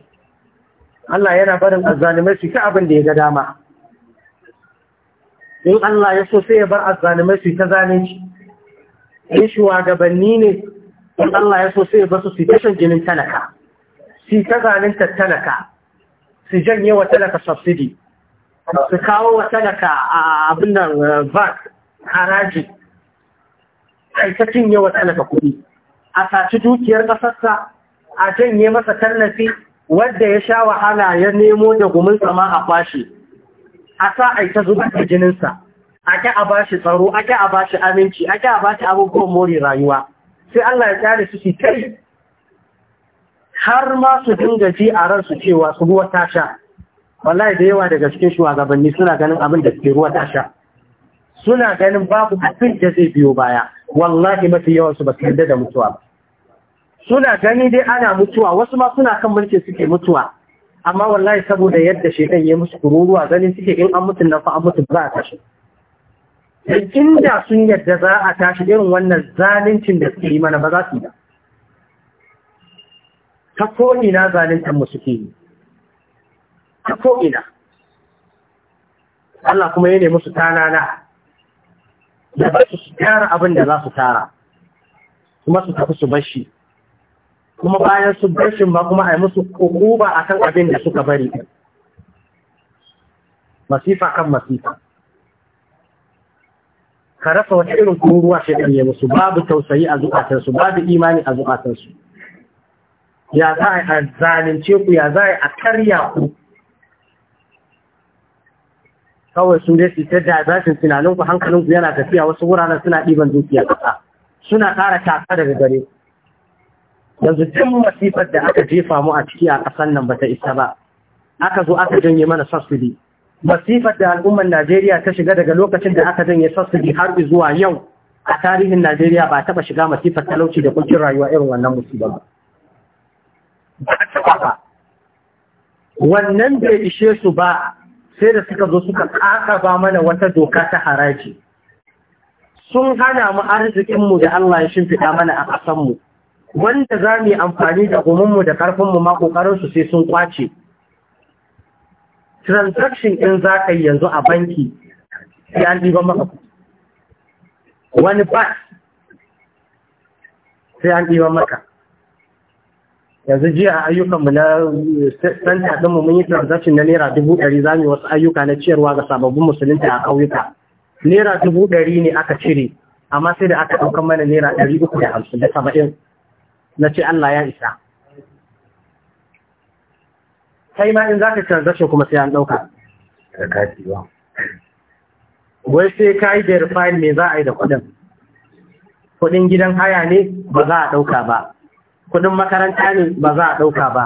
Allah yana barin azzalimai su ta abin da ya ga dama in Allah ya so sai ya bar azzalimai su ta zalunci in shugabanni ne in Allah ya so sai ya bar su su ta jinin talaka su ta zalunta talaka su janye wa talaka subsidi, su kawo wa talaka a abin nan uh, VAT haraji kai ta cinye wa talaka kuɗi a saci dukiyar ƙasarsa a janye masa tallafi wanda ya sha wahala ya nemo da gumin sama a fashi, a sa a ta zuba da jininsa ake a bashi tsaro ake a bashi aminci ake a bashi abubuwan more rayuwa sai Allah ya tsare su su kai har ma su dinga ji a ransu cewa su ruwa ta sha wallahi da yawa daga cikin shugabanni suna ganin abin da ke ruwa ta sha suna ganin babu abin da zai biyo baya wallahi mafi yawan su ba su yarda da mutuwa ba suna gani dai ana mutuwa wasu ma suna kan mulki suke mutuwa amma wallahi saboda yadda shekan ya musu kururuwa gani suke in an mutu nan fa an mutu za a tashi dan inda sun yadda za a tashi irin wannan zalincin da suke yi mana ba za su yi ba ta ko'ina zaluntan mu suke yi ta ko'ina Allah kuma ya nemi su tanana da ba su tara abin da za su tara kuma su tafi su bashi kuma bayan su barshin ba kuma a yi musu a akan abin da suka bari masifa kan masifa ka rasa wata irin kururuwa shaidan ya musu babu tausayi a zukatansu babu imani a zukatansu ya za a zanince ku ya za a karya ku kawai su dai su da zafin tunaninku hankalinku yana tafiya wasu wuraren suna ɗiban dukiya ƙasa suna ƙara taka daga gare yanzu tun masifar da aka jefa mu a ciki a ƙasar nan ba ta isa ba aka zo aka janye mana sassudi masifar da al'ummar Najeriya ta shiga daga lokacin da aka janye sassudi har zuwa yau a tarihin Najeriya ba taɓa shiga masifar talauci da kuncin rayuwa irin wannan musiba ba wannan bai ishe su ba sai da suka zo suka ba mana wata doka ta haraji sun hana mu arzikinmu da Allah ya shimfiɗa mana a ƙasanmu wanda za mu yi amfani da gumunmu da ƙarfinmu ma ƙoƙarinsu sai sun kwace transaction ɗin za ka yi yanzu a banki sai an ɗiban maka wani bat sai an ɗiban maka yanzu jiya a ayyukanmu na santa ɗinmu mun yi transaction na naira dubu ɗari za mu yi wasu ayyuka na ciyarwa ga sababbin musulunta a ƙauyuka naira dubu ɗari ne aka cire amma sai da aka ɗaukar mana naira ɗari uku da hamsin da saba'in na ce Allah ya isa kai ma in za ka transaction kuma sai an ɗauka da ba wai sai ka yi rufayin me za a yi da kuɗin kuɗin gidan haya ne ba za a ɗauka ba kuɗin makaranta ne ba za a ɗauka ba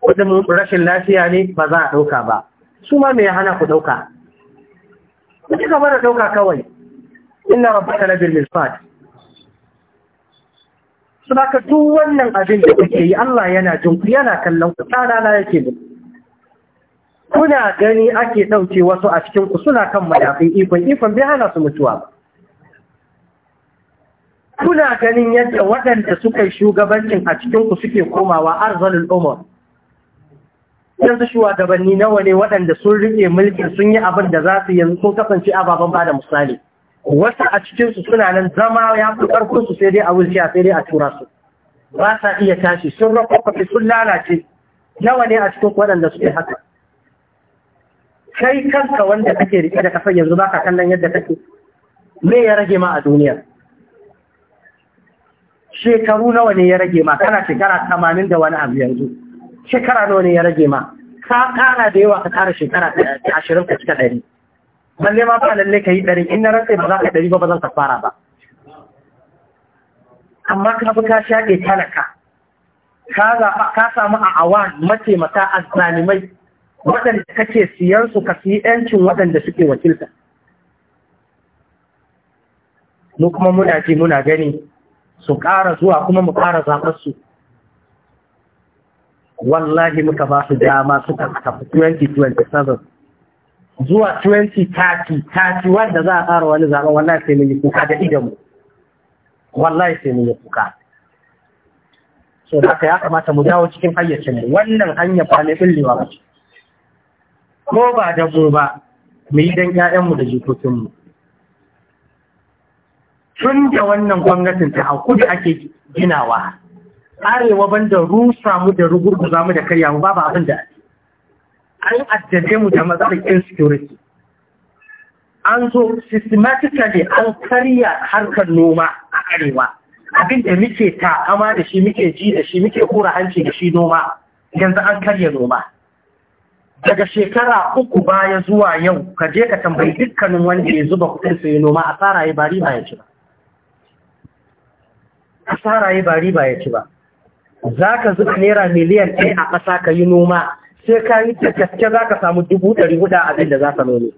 kuɗin rashin lafiya ne ba za a ɗauka ba su ma me hana ku ɗauka Kuka ci da ɗauka kawai inna rabbaka labil mirsad ka duk wannan abin da kuke yi Allah yana jin ku yana kallon ku tsara na yake ne Kuna gani ake dauke wasu a cikin ku suna kan madafin ikon ikon bai hana su mutuwa ba. Kuna ganin yadda waɗanda suka yi shugabancin a cikin ku suke komawa arzalin umar. Yanzu shugabanni nawa ne waɗanda sun riƙe mulkin sun yi abin da za su yanzu sun kasance ababen ba da misali. wasu a cikinsu suna nan zama ya fi ƙarfinsu sai dai a wulciya sai dai a tura su ba sa iya tashi sun rakwakwafi sun lalace nawa ne a cikin waɗanda suke haka kai kanka wanda kake rike da kafa yanzu baka kallon yadda kake me ya rage ma a duniya shekaru nawa ne ya rage ma kana shekara tamanin da wani abu yanzu shekara nawa ne ya rage ma ka kara da yawa ka kara shekara ashirin ka cika ɗari balle ma ba lalle ka yi ɗari in na rantsa ba za ka ɗari ba bazan ka fara ba amma ka fi ka shaƙe talaka ka samu a awan mataimaka a zalimai waɗanda kake siyan su ka fi ‘yancin waɗanda suke wakilta mu kuma muna ji muna gani su ƙara zuwa kuma mu ƙara zaɓar su wallahi muka ba su dama suka kafa 2027 zuwa 2030 31 da za a ƙara wani zaɓen ya sai mun yi kuka da idanmu wallahi sai mun yi kuka so da ya kamata mu dawo cikin mu wannan hanyar ba ne ɓullewa ba ko ba da ba mu yi don 'ya'yanmu da jikokinmu tun da wannan gwamnatin ta hakuri ake ginawa arewa banda rusa mu da rugurguza mu da karya mu babu abin da ake an addade mu da matsalar insecurity an zo systematically an karya harkar noma a arewa abin da muke ta'ama da shi muke ji da shi muke kura hanci da shi noma yanzu an karya noma daga shekara uku baya zuwa yau ka je ka tambayi dukkanin wanda ya zuba kudin su yi noma asara ya bari ba ya ci ba asara ya bari ba ya ci ba za ka zuba naira miliyan ɗaya a ƙasa ka yi noma sai ka yi tattaske za ka samu dubu ɗari hudu abin da za ka nuna.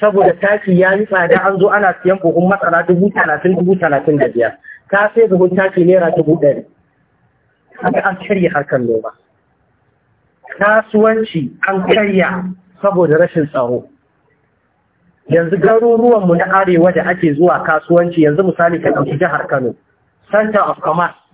saboda taki ya yi tsada an zo ana siyan buhun matsala dubu talatin dubu talatin da biyar ka sai buhun taki naira dubu ɗari haka an karya harkar noma kasuwanci an karya saboda rashin tsaro yanzu garuruwanmu na arewa da ake zuwa kasuwanci yanzu misali ka ɗauki jihar kano center of commerce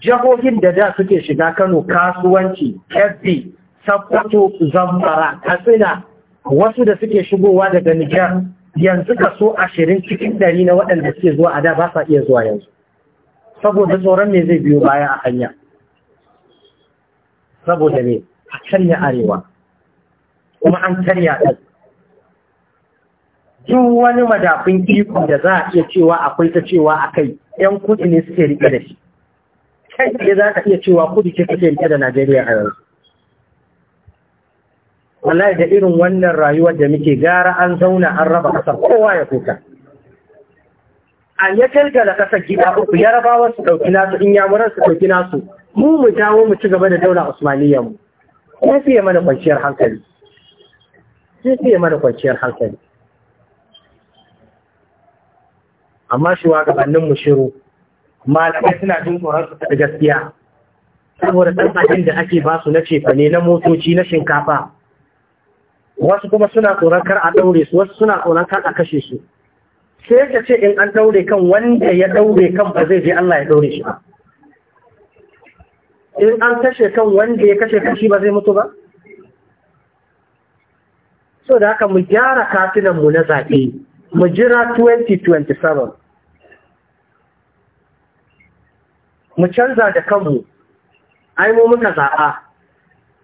jihohin da da suke shiga Kano kasuwanci FB Sokoto Zamfara Katsina wasu da suke shigowa daga Nijar yanzu kaso ashirin cikin ɗari na waɗanda suke zuwa a da ba sa iya zuwa yanzu saboda tsoron ne zai biyo baya a hanya saboda ne a ya arewa kuma an karya ɗan. duk wani madafin iko da za a iya cewa akwai ta cewa a kai 'yan kudi ne suke riƙe da shi kai da za ka iya cewa kudu ke kuke da Najeriya a yanzu. Wallahi da irin wannan rayuwar da muke gara an zauna an raba ƙasar kowa ya kuka. A ya da ƙasar gida uku raba wasu ɗauki nasu in yamuran su ɗauki nasu mu mu dawo mu ci gaba da daula Usmaniyya mu. Ya fiye mana kwanciyar hankali. Ya fiye mana kwanciyar shiru malamai suna jin tsoron su da gaskiya saboda ɗan da ake ba su na cefane na motoci na shinkafa wasu kuma suna tsoron kar a daure su wasu suna tsoron kar a kashe su sai ka ce in an daure kan wanda ya daure kan ba zai je Allah ya daure shi ba in an kashe kan wanda ya kashe kan shi ba zai mutu ba so da haka mu gyara katunan mu na zaɓe mu jira 2027 mu canza da kanmu ai mu muka zaɓa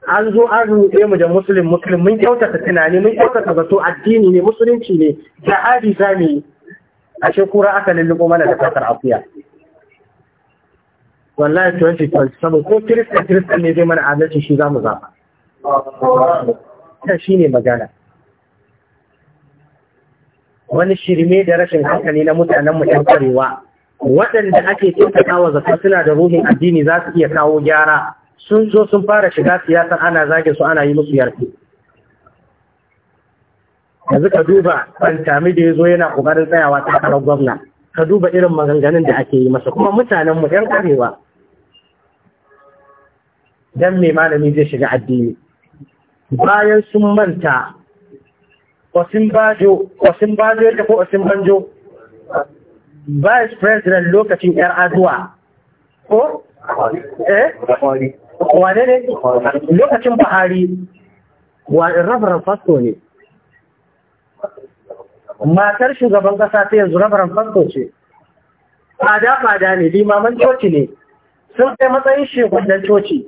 an zo an ruɗe mu da musulun musulun mun kyautata tunani mun ta zato addini ne musulunci ne jihadi za mu yi a shekura aka lulluɓo mana da kasar afiya wallahi saboda ko kirista kirista ne zai mana adalci shi za mu zaɓa ta shi ne magana wani shirme da rashin hankali na mutanen mu ɗan karewa waɗanda ake kyautata wa suna da ruhin addini za su iya kawo gyara sun zo sun fara shiga siyasar ana zage su ana yi musu yarki yanzu ka duba fantami da ya zo yana ƙoƙarin tsayawa takarar gwamna ka duba irin maganganun da ake yi masa kuma mutanen mu ɗan ƙarewa dan mai malami zai shiga addini bayan sun manta osin bajo osin bajo yake ko osin banjo vice president lokacin yar aduwa ko eh wane ne lokacin buhari wa rabaran fasto ne matar shugaban kasa ta yanzu rabaran fasto ce fada fada ne limaman coci ne sun kai matsayin shekudan coci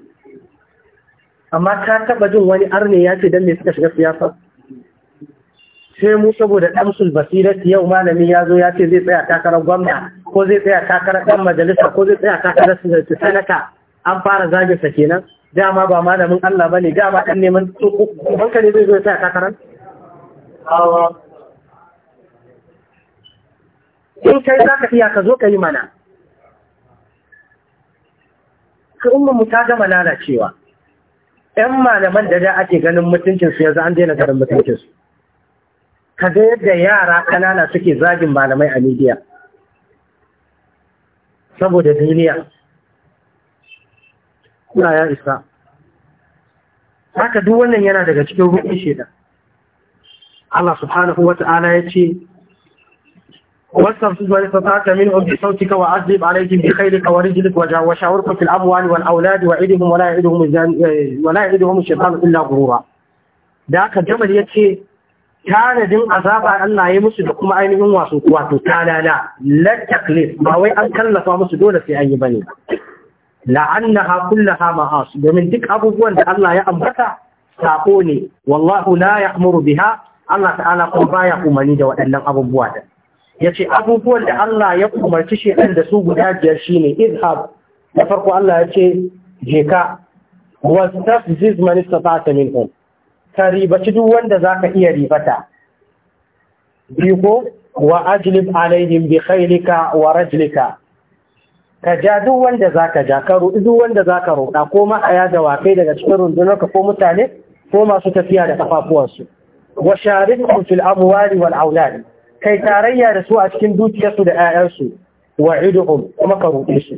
amma ta taba jin wani arne ya ce don me suka shiga siyasa sai mu saboda damsul basirat yau malami ya zo ya ce zai tsaya takarar gwamna ko zai tsaya takarar ɗan majalisa ko zai tsaya takarar sanata an fara zage sa kenan dama ba malamin Allah bane dama dan neman banka ne zai zo ya tsaya takarar in kai za ka iya ka zo ka yi mana ka umma ta gama lalacewa ‘yan malaman da da ake ganin mutuncinsu yanzu an daina ganin mutuncinsu ka ga yadda yara kanana suke zagin malamai a Midiya saboda duniya kuna ya isa haka duk wannan yana daga cikin rukun sheda. Allah subhanahu wa ta'ala ya ce واستغفر من استطعت منهم بصوتك وعذب عليهم بخيلك ورجلك وشاوركم في الاموال والاولاد وعدهم ولا يعدهم ولا يعدهم الشيطان الا غرورا da aka jamal ya ce tanadin azaba Allah ya musu da kuma ainihin wasu wato talala lattaklif ba wai an kallafa musu dole sai an yi bane la'annaha kullaha ma'as domin duk abubuwan da Allah ya ambata sako ne wallahu la ya'muru biha Allah ta'ala kuma baya umarni da waɗannan abubuwa da yace abubuwan da Allah ya umarci shi da su guda biyar shine izhab da farko Allah ya ce je ka wastafziz man istata'ta minhum ka ribaci duk wanda za ka iya ribata biyu ko wa ajilin alaihim bi khailika wa rajlika ka ja duk wanda za ka ja ka ruɗi duk wanda za ka ruɗa, ko ma'aya da wafe daga cikin rundunar ka ko mutane ko masu tafiya da kafafuwansu wa sharin kufil abuwari wal aulad kai tarayya da su a cikin dukiyarsu da yayarsu wa iduhum kuma ka ruɗe su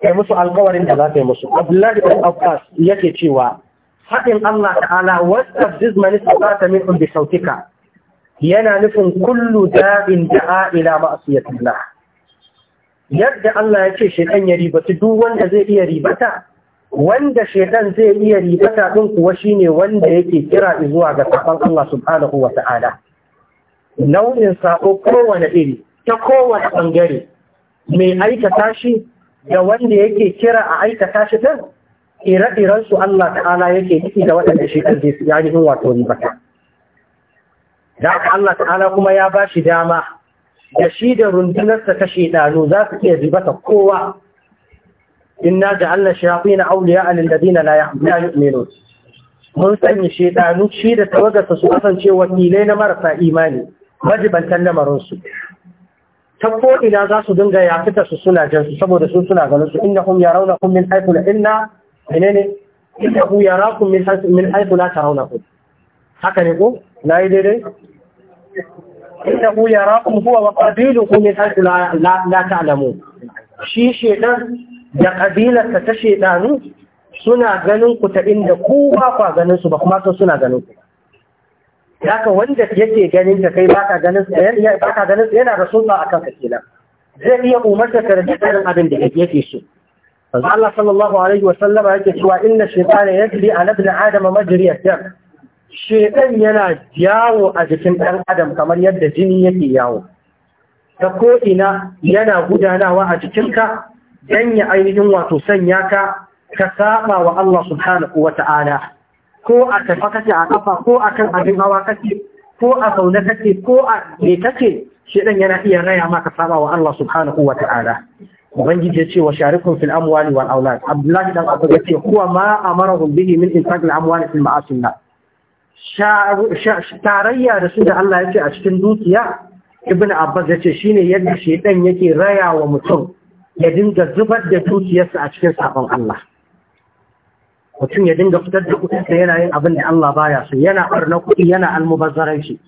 kai musu alkawarin da za ka yi musu abdullahi abbas yake cewa Haɗin Allah ta'ala wasta jizmani sata min bi sautika yana nufin kullu da'in da'a ila ma'asiyatillah yadda Allah ya ce shedan ya ribata duk wanda zai iya ribata wanda shedan zai iya ribata ɗin kuwa shine wanda yake kira zuwa ga saban Allah subhanahu wa ta'ala nau'in saƙo kowane iri ta kowane ɓangare mai aikata shi da wanda yake kira a aikata shi ɗin? ire-iren su Allah ta'ala yake ciki da waɗanda shi kan jesu ya yi wato ribata da aka Allah ta'ala kuma ya ba shi dama da shi da rundunarsa ta shaidanu za su iya ribata kowa inna ga Allah haƙi na Aure alin da dina na yu'minu mun sanya shaidanu shi da tawagarsa su kasance wakilai na marasa imani majibantan lamarinsu ta ina za su dinga ya fitar su suna jansu saboda su suna ganin su inna hum yarawna hum min haythu la inna menene inda ku ku min haythu min haythu la ku haka ne ko nayi daidai inda ku ku kuwa wa ku min haythu la la alamu. shi shedan da kabilar ta ta shedanu suna ganin ku ta inda ku ba kwa ganin su ba kuma so suna ganin ku haka wanda yake ganin ta kai baka ganin su ba ka ganin su yana da sunna akan kake kenan zai iya umarta ka da tsarin abin da yake so manzo Allah sallallahu alaihi wa yake cewa inna shaytana ya ala ibn na majri ad-dam shaytan yana yawo a jikin ɗan adam kamar yadda jini yake yawo ta ko ina yana gudanawa a jikinka dan ya ainihin wato sanya ka ka saba wa Allah subhanahu wa ta'ala ko a tafa kake a kafa ko akan abin hawa kake ko a zaune kake ko a me kake shaytan yana iya raya maka saba wa Allah subhanahu wa ta'ala ubangiji ya ce wa sharikun fil amwali wal aulad abdullahi dan abu yace huwa ma amarahum bihi min infaq al amwali fil ma'asillah tarayya da su da Allah yace a cikin dukiya ibnu abbas yace shine yadda shedan yake raya wa mutum ya dinga zubar da dukiyarsa a cikin sabon Allah mutum ya dinga fitar da kuɗinsa yana yin abin da Allah baya so yana barna kuɗi yana almubazzaranci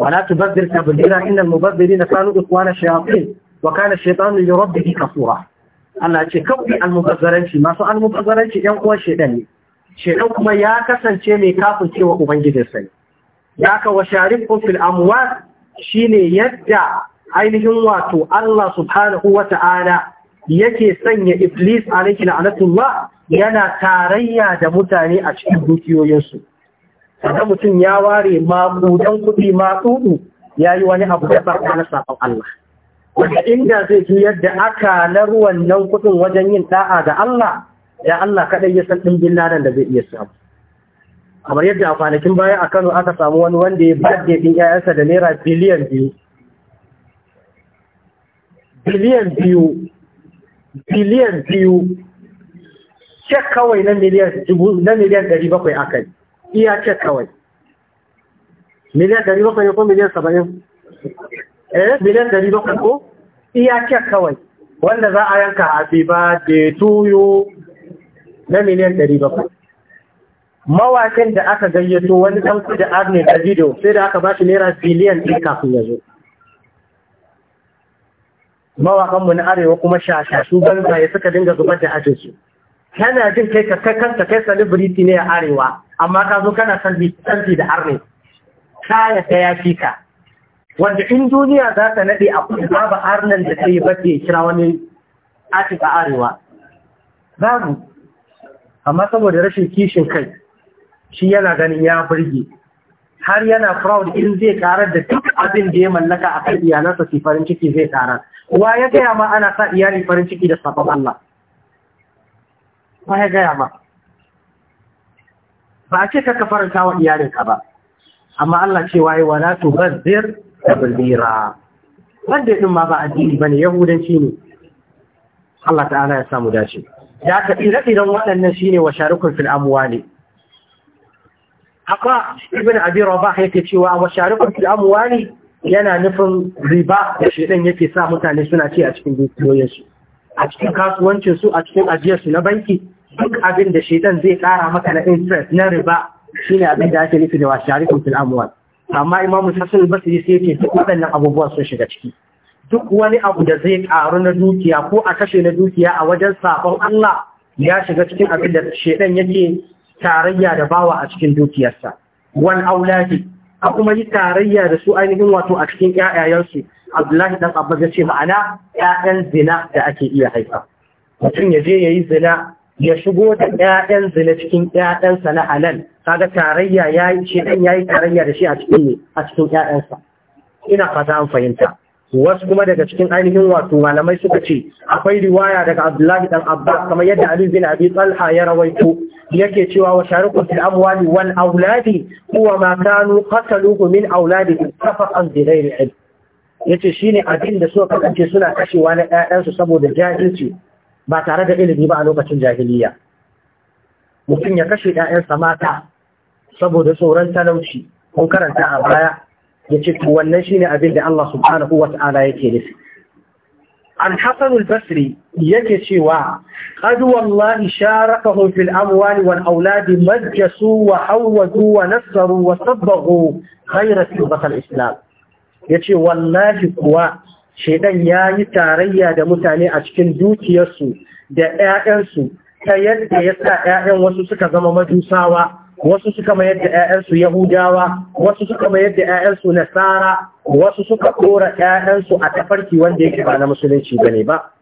wala tubazzir tabdira innal mubazzirina kanu ikwana shayatin wa kana shaytanu li rabbihi kafura Allah ce kawai almubazzaranci masu almubazzaranci ɗan uwan shaytan ne shaytan kuma ya kasance mai kafircewa ubangijinsa ne ya ka wa sharikun fil amwat shine yadda ainihin wato Allah subhanahu wa ta'ala yake sanya iblis alaihi la'anatullah yana tarayya da mutane a cikin dukiyoyinsu da mutum ya ware maƙudan kuɗi maƙudu ya yi wani abu da barka na Allah wanda inda zai ji yadda aka na ruwan nan kudin wajen yin da'a ga Allah Ya Allah kaɗai ya san ɗimbin ladan da zai iya samu kamar yadda a kwanakin baya a Kano aka samu wani wanda ya bade din 'ya'yansa da naira biliyan biyu biliyan biyu biliyan biyu cek kawai na miliyan dubu na miliyan 700 yi iya cek kawai miliyan 700 ne ko miliyan 70 eh miliyan 700 ko iya kawai wanda za a yanka Habiba birthday to na miliyan 700 mawakin da aka gayyato wani dan kudi arne da video sai da aka ba shi naira biliyan ɗin kafin ya zo mu na arewa kuma shashashu ya suka dinga zubar da su kana jin kai ka kai kanka kai celebrity ne a arewa amma ka zo kana salbi da arne kaya ta yafi ka wanda in duniya za ta naɗe a kudu babu arnan da ta yi bace kira wani ati a arewa babu amma saboda rashin kishin kai shi yana ganin ya burge har yana proud in zai karar da duk abin da ya mallaka a kan iyalansa su farin ciki zai karar wa ya gaya ma ana sa iyali farin ciki da sabon Allah wa ya gaya ma ba a ce ka faranta wa iyalinka ba amma Allah ce waye wala tubazzir tabdira wanda din ma ba addini bane yahudanci ne Allah ta'ala ya samu dace da ka ire iren waɗannan shine wa sharikun fil amwali aka ibn abi rabah yake cewa wa sharikun fil amwali yana nufin riba da shedan yake sa mutane suna ci a cikin dukiyoyinsu a cikin kasuwancin su a cikin ajiyarsu na banki duk abin da shedan zai kara maka na interest na riba shine abin da ake nufi da wa sharikun fil amwali amma imamu sassan yi, sai ke waɗannan abubuwan sun shiga ciki duk wani abu da zai ƙaru na dukiya ko a kashe na dukiya a wajen sabon Allah ya shiga cikin abin da shedan yake tarayya da bawa a cikin dukiyarsa wan aulahi a kuma yi tarayya da su ainihin wato a cikin ƴaƴayensu Abdullahi dan Abbas ya ce ma'ana ƴaƴan zina da ake iya haifa mutum ya je yayi zina ya shigo da ƴaƴan zina cikin ƴaƴansa na halal kaga tarayya yayi shi dan yayi tarayya da shi a cikin ne a cikin ƴaƴansa ina fata an fahimta wasu kuma daga cikin ainihin wato malamai suka ce akwai riwaya daga Abdullahi dan Abba kamar yadda Ali bin Abi Talha ya rawaito yake cewa wa shariku fil amwali wal auladi huwa ma kanu qataluhu min auladi safaqan bi ghairi ilm yace shine abin da suka kasance suna kashewa na ƴaƴansu saboda jahilci ba tare da ilimi ba a lokacin jahiliya mutum ya kashe ƴaƴansa mata saboda tsoron talauci kun karanta a baya ya ce wannan shi ne abin Allah subhanahu wa ta'ala yake nufi. An basri yake cewa, Ƙadu wallah ishara ka hufin amuwani wani auladi majjasu wa hauwazu wa nassaru wa sabbago khairar tubatar Islam. yace Wallahi kuwa, shaidan ya yi tarayya da mutane a cikin dukiyarsu da ‘ya’yansu ta yadda yasa ‘ya’yan wasu suka zama majusawa. wasu suka mayar da ‘ya'yansu Yahudawa, wasu suka mayar da ‘ya'yansu Nasara, wasu suka ɗora ‘ya'yansu a tafarki wanda yake ba na musulunci ba ne ba.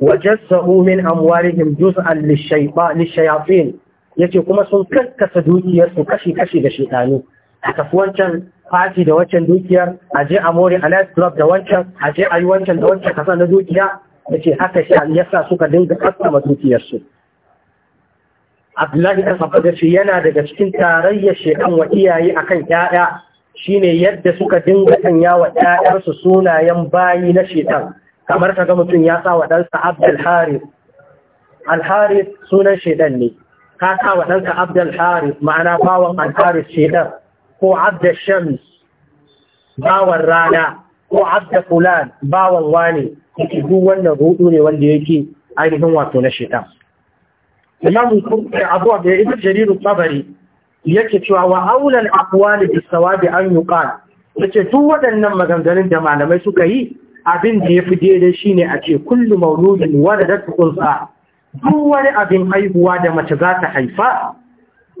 Wajassa'u min amwarihim juz'an lishayatin yace kuma sun kakkasa dukiyarsu kashi-kashi da shaitanu. A tafi wancan fati da wancan dukiyar, a je a more a night club da wancan, a je a yi wancan da wancan kasa na dukiya, yace haka yasa suka dinga kasama dukiyarsu. Abdullahi ɗan Abbas yana daga cikin tarayyar shekan wa iyaye akan shi ne yadda suka dinga sanya wa ‘ya’yarsu sunayen bayi na shekan kamar kaga mutum ya sa wa ɗansa Abdul Al Harith sunan shekan ne ka sa wa ɗansa Abdul ma'ana bawan Al Harith ko Abdul Shams bawan rana ko Abdul Fulan bawan wane duk wannan rudu ne wanda yake ainihin wato na shedan imamun kurkuri abuwa da ibn jarir tabari yake cewa wa aulal aqwali bis sawabi an yuqal yace duk waɗannan maganganun da malamai suka yi abin da yafi daidai shine a ce kullu mauludin waladat unsa duk wani abin haihuwa da mace za ta haifa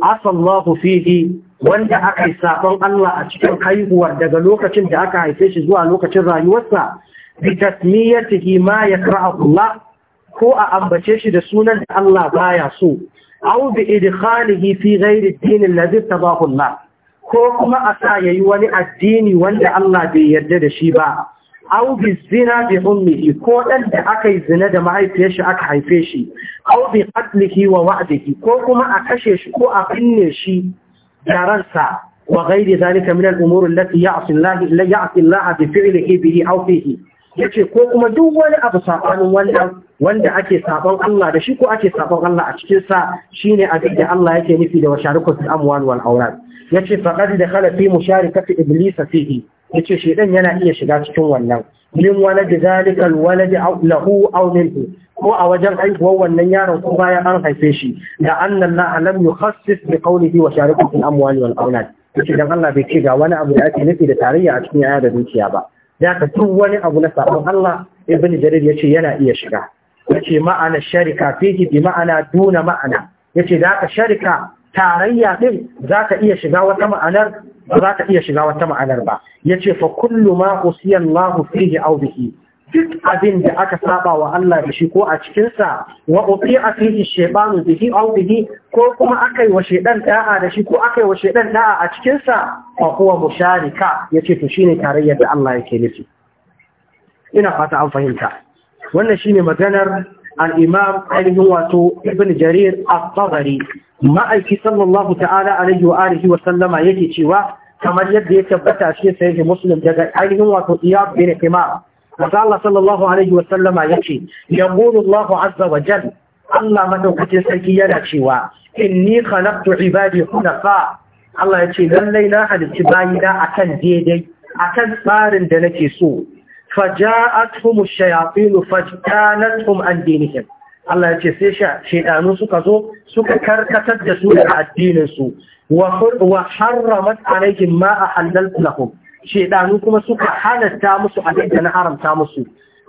asallahu fihi wanda aka yi sabon Allah a cikin haihuwar daga lokacin da aka haife shi zuwa lokacin rayuwarsa bi tasmiyatihi ma yakra'u Allah ko a ambace shi da sunan da Allah baya so aw bi idkhalihi fi ghairi ad-din alladhi tabahu Allah ko kuma a sa yayi wani addini wanda Allah bai yarda da shi ba aw bi zina bi ummihi ko dan da aka yi zina da mahaifiyar shi aka haife shi aw bi qatlihi wa wa'dihi ko kuma a kashe shi ko a binne shi da ransa wa ghairi zalika min al-umur allati ya'si Allah illa ya'si Allah bi fi'lihi bihi aw fihi ya ce ko kuma duk wani abu saɓanin wannan wanda ake saɓon Allah da shi ko ake saɓon Allah a cikinsa shi ne abin da Allah yake nufi da washarikun fil amwal wal aurat ya ce faƙar da mu share musharikati iblisa fiye. ya ce shaidan yana iya shiga cikin wannan min waladi zalika alwaladi lahu aw ku, ko a wajen haihuwar wannan yaron ko bayan an haife shi da annan la alam yukhassis bi qawlihi wa sharikun fil wal aurat yace dan Allah bai ce ga wani abu da ake nufi da tarayya a cikin aya da dukiya ba ya ka duk wani abu na sabon Allah ibn jarir yace yana iya shiga yace ma'ana sharika fihi bi ma'ana duna ma'ana yace da ka sharika tarayya din zaka iya shiga wata ma'anar ba za ka iya shiga wata ma'anar ba yace fa kullu ma usiya Allah fihi aw bihi duk abin da aka saba wa Allah da shi ko a cikinsa wa uti a fihi shaytanu bihi aw bihi ko kuma akai wa shaytan da'a da shi ko akai wa shaytan da'a a cikinsa fa huwa musharika yace to shine tarayyar da Allah yake nufi ina fata an fahimta wannan shine maganar al-imam ainihin wato ibn jarir a tabari ma'aiki sallallahu ta'ala alaihi wa alihi wa sallama yake cewa kamar yadda ya tabbata shi sai muslim daga ainihin wato iyab bin himar Masu Allah sallallahu Alaihi wasallama ya ce, Allah azza wa jal, Allah madaukakin sarki yana cewa, Inni khalaqtu ibadi hunafa. Allah ya ce, lallai na halitti bayina akan daidai, akan tsarin da nake so. Faja'atuhum shayatin fajtanathum an dinihim. Allah ya ce sai shaidanu suka zo suka karkatar da su daga addininsu. wa harramat alaihim ma ahallaltu lahum shedanu kuma suka halatta musu abinda na haramta musu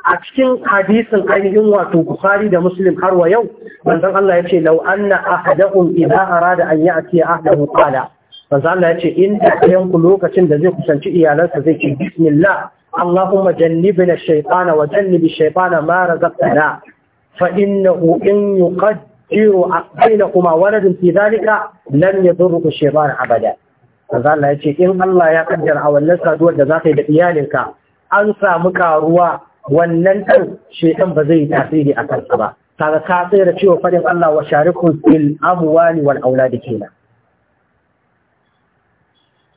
a cikin hadisin ainihin wato Bukhari da Muslim har wa yau manzon Allah yace law anna ahadahum idha arada an ya'ti ahdahu qala manzon Allah yace in da ku lokacin da zai kusanci iyalansa zai ce bismillah Allahumma jannibna ash-shaytana wa jannibi ash-shaytana ma razaqtana fa innahu in yuqaddiru bainakuma waladun fi dhalika lam yadurruka ash abada kaza Allah ya ce in Allah ya kaddara a wannan saduwar da za ka yi da iyalinka an samu karuwa wannan ɗan shekan ba zai yi tasiri a kansa ba kaga ka tsira cewa faɗin Allah wa sharikun fil amwali wal auladi kenan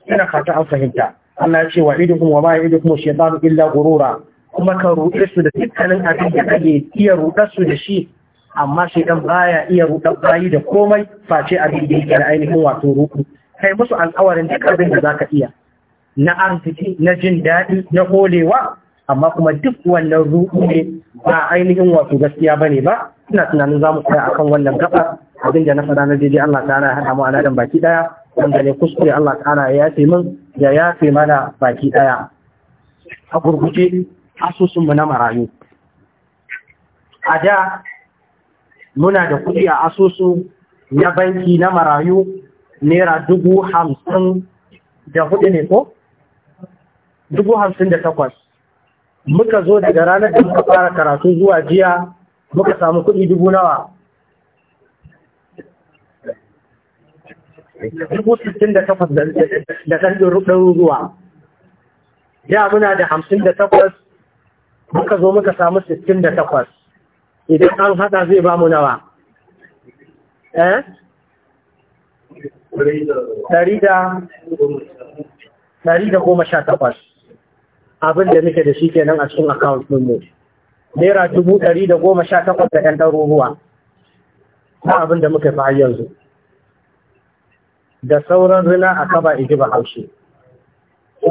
ina fata an fahimta Allah ya ce wa idukum wa ma idukum shaytanu illa gurura kuma ka ruɗe su da dukkanin abin da kake iya ruɗar su da shi amma shi dan baya iya ruɗe bayi da komai face abin da yake ainihin wato Ruku. kai musu alkawarin duk abin da ka iya na arziki na jin daɗi na ƙolewa, amma kuma duk wannan ruɗu ne ba ainihin wasu gaskiya ne ba ina tunanin za mu tsaya kan wannan gaba abin da na faɗa na daidai Allah ta ya haɗa mu a nan baki ɗaya wanda ne kuskure Allah ana ya yafe min ya yafe mana baki ɗaya a gurguje asusunmu na marayu a da muna da kuɗi a asusu na banki na marayu naira dubu hamsin da hudu ne ko? dubu hamsin da takwas muka zo daga ranar da muka fara karatu zuwa jiya muka samu kuɗi dubu nawa dubu sittin da takwas da ɗan ɗaruruwa da muna da hamsin da takwas muka zo muka samu sittin da takwas idan an haɗa zai ba mu nawa eh ɗari da goma sha takwas abin da muke da shi kenan a cikin account ɗinmu naira dubu dari da goma sha takwas da ɗan ɗaruruwa na abin da muka fi yanzu da sauran rina a kaba iji ba haushe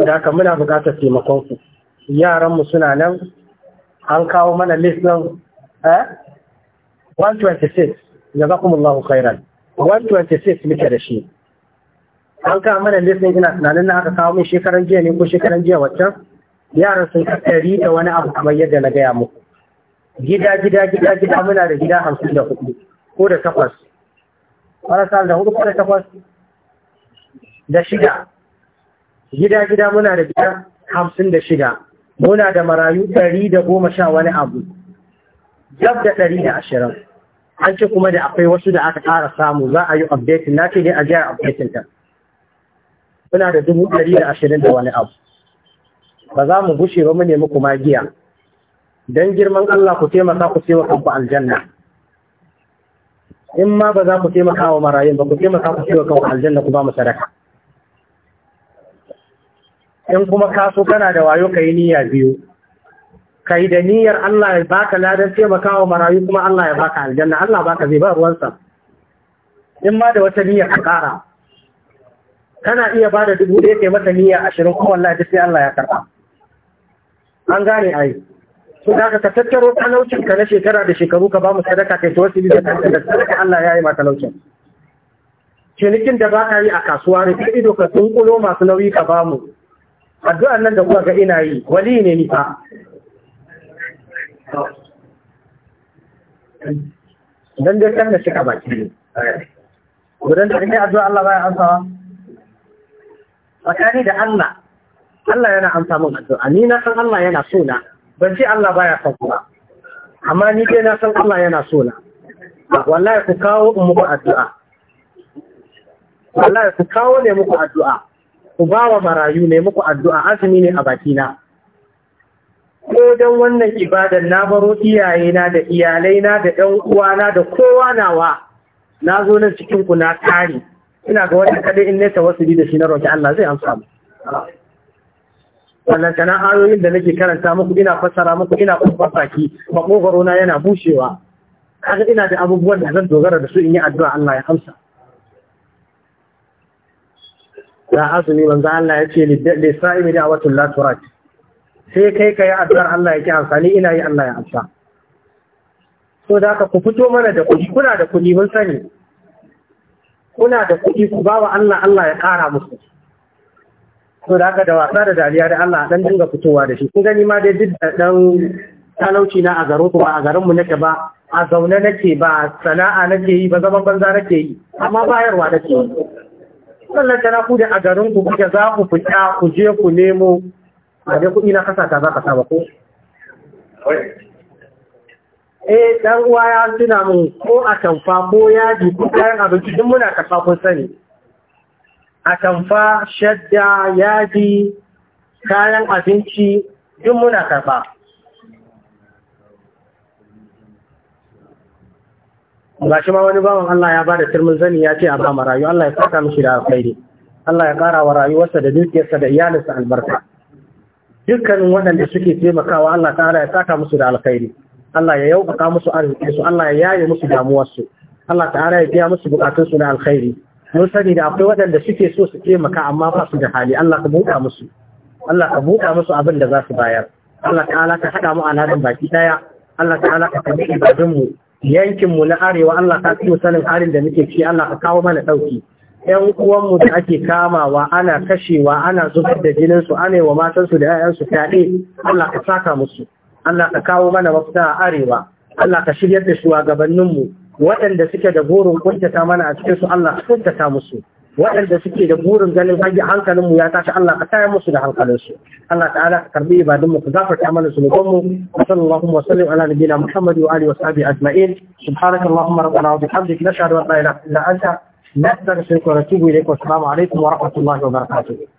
da aka muna buƙatar taimakonku yaranmu suna nan an kawo mana list ɗin 126 eh? jazakumullahu khairan 126 mita da shi an kawo mana listin ina tunanin na aka kawo min shekaran jiya ne ko shekaran jiya waccan yaran sun kakkari da wani abu kamar yadda na gaya muku gida gida gida gida muna da gida hamsin da hudu ko da takwas marasa da hudu ko da takwas da shida gida gida muna da gida hamsin da shida muna da marayu ɗari da goma sha wani abu dab da ɗari da ashirin an ce kuma da akwai wasu da aka ƙara samu za a yi updating na ce ne a jiya updating ta muna da dubu ɗari da ashirin da wani abu ba za mu gushe ba mu nemi kuma giya don girman Allah ku taimaka ku taimaka ku aljanna in ma ba za ku taimaka wa marayun ba ku taimaka ku taimaka ku aljanna ku ba mu sadaka in kuma kaso kana da wayo ka yi niyya biyu Ka yi da niyyar Allah ya baka ladan taimakawa marayu kuma Allah ya baka aljanna Allah baka zai ba ruwansa in ma da wata niyyar ka kara kana iya ba da dubu ɗaya kai mata niyyar ashirin kuma ya sai Allah ya karɓa an gane ai su da ka tattaro talaucin ka na shekara da shekaru ka ba mu sadaka kai wasu bi da da sadaka Allah ya yi ma talaucin cinikin da ba ka yi a kasuwa ne ka ido ka tunkulo masu nauyi ka ba mu addu'an nan da kuka ga ina yi wali ne ni fa dan dai kan da shi ka baki gudan da kake addu'a Allah baya amsawa tsakani da Allah Allah yana amsa min addu'a ni na san Allah yana so na ban ce Allah baya son ba amma ni dai na san Allah yana so na wallahi ku kawo muku addu'a wallahi ku kawo ne muku addu'a ku ba wa marayu ne muku addu'a azumi ne a bakina ko don wannan ibadar na baro iyayena da iyalaina da ɗan uwana da kowa nawa na zo nan cikin ku na kare ina ga wani kada in nesa wasu da shi na roƙi Allah zai amsa mu wannan kana ayoyin da nake karanta muku ina fassara muku ina fassara ki makogaro na yana bushewa kaga ina da abubuwan da zan dogara da su in yi addu'a Allah ya amsa da azumi manzo Allah ya ce li sa'imi da watul la turat sai kai ka yi addu'ar Allah ya ki amfani ina yi Allah ya amsa so da ka ku fito mana da kuɗi kuna da kuɗi mun sani kuna da kuɗi ku ba wa Allah Allah ya ƙara musu so da ka da wasa da dariya da Allah dan dinga fitowa da shi kun gani ma dai duk da dan talauci na a garin ku ba a garin mu nake ba a zaune nake ba sana'a nake yi ba zaman banza nake yi amma bayarwa nake yi sannan tana ku da a garin ku kuke za ku fita ku je ku nemo ba kuɗi na kasa ka za ka ba ko eh ɗan uwa ya tuna mun ko a tamfa ko yaji ko kayan abinci duk muna karɓa kun sani a tamfa shadda yaji kayan abinci duk muna karɓa ga shi ma wani bawan Allah ya bada turmin zani ya ce a ba marayu Allah ya saka mishi da alkhairi Allah ya ƙara wa rayuwarsa da dukiyarsa da iyalinsa albarka dukkanin waɗanda suke taimakawa Allah ta'ala ya saka musu da alkhairi Allah ya yaukaka musu arziki su Allah ya yaye musu damuwarsu Allah ta'ala ya biya musu bukatun su na alkhairi mun sani da akwai waɗanda suke so su taimaka amma ba su da hali Allah ka buɗa musu Allah ka buɗa musu abin da za su bayar Allah ta'ala ka haɗa mu a baki ɗaya Allah ta'ala ka tabi ibadun mu yankin mu na arewa Allah ka fi sanin arin da muke ci, Allah ka kawo mana ɗauki ‘yan uwanmu da ake kamawa ana kashewa ana zubar da jininsu ana wa matansu da ‘ya'yansu fyaɗe Allah ka saka musu Allah ka kawo mana mafita a arewa Allah ka shiryar da shugabanninmu waɗanda suke da burin kuntata mana a cikinsu Allah ka kuntata musu waɗanda suke da burin ganin hajji hankalinmu ya tashi Allah ka tayar musu da hankalinsu Allah ta'ala ka karɓi ibadunmu ka gafarta mana zunubanmu wa sallallahu wa sallam ala nabiyina Muhammad wa alihi wa sahbihi ajma'in subhanaka allahumma rabbana wa bihamdika nashhadu an la ilaha illa anta نستغفرك ونتوب اليك والسلام عليكم ورحمه الله وبركاته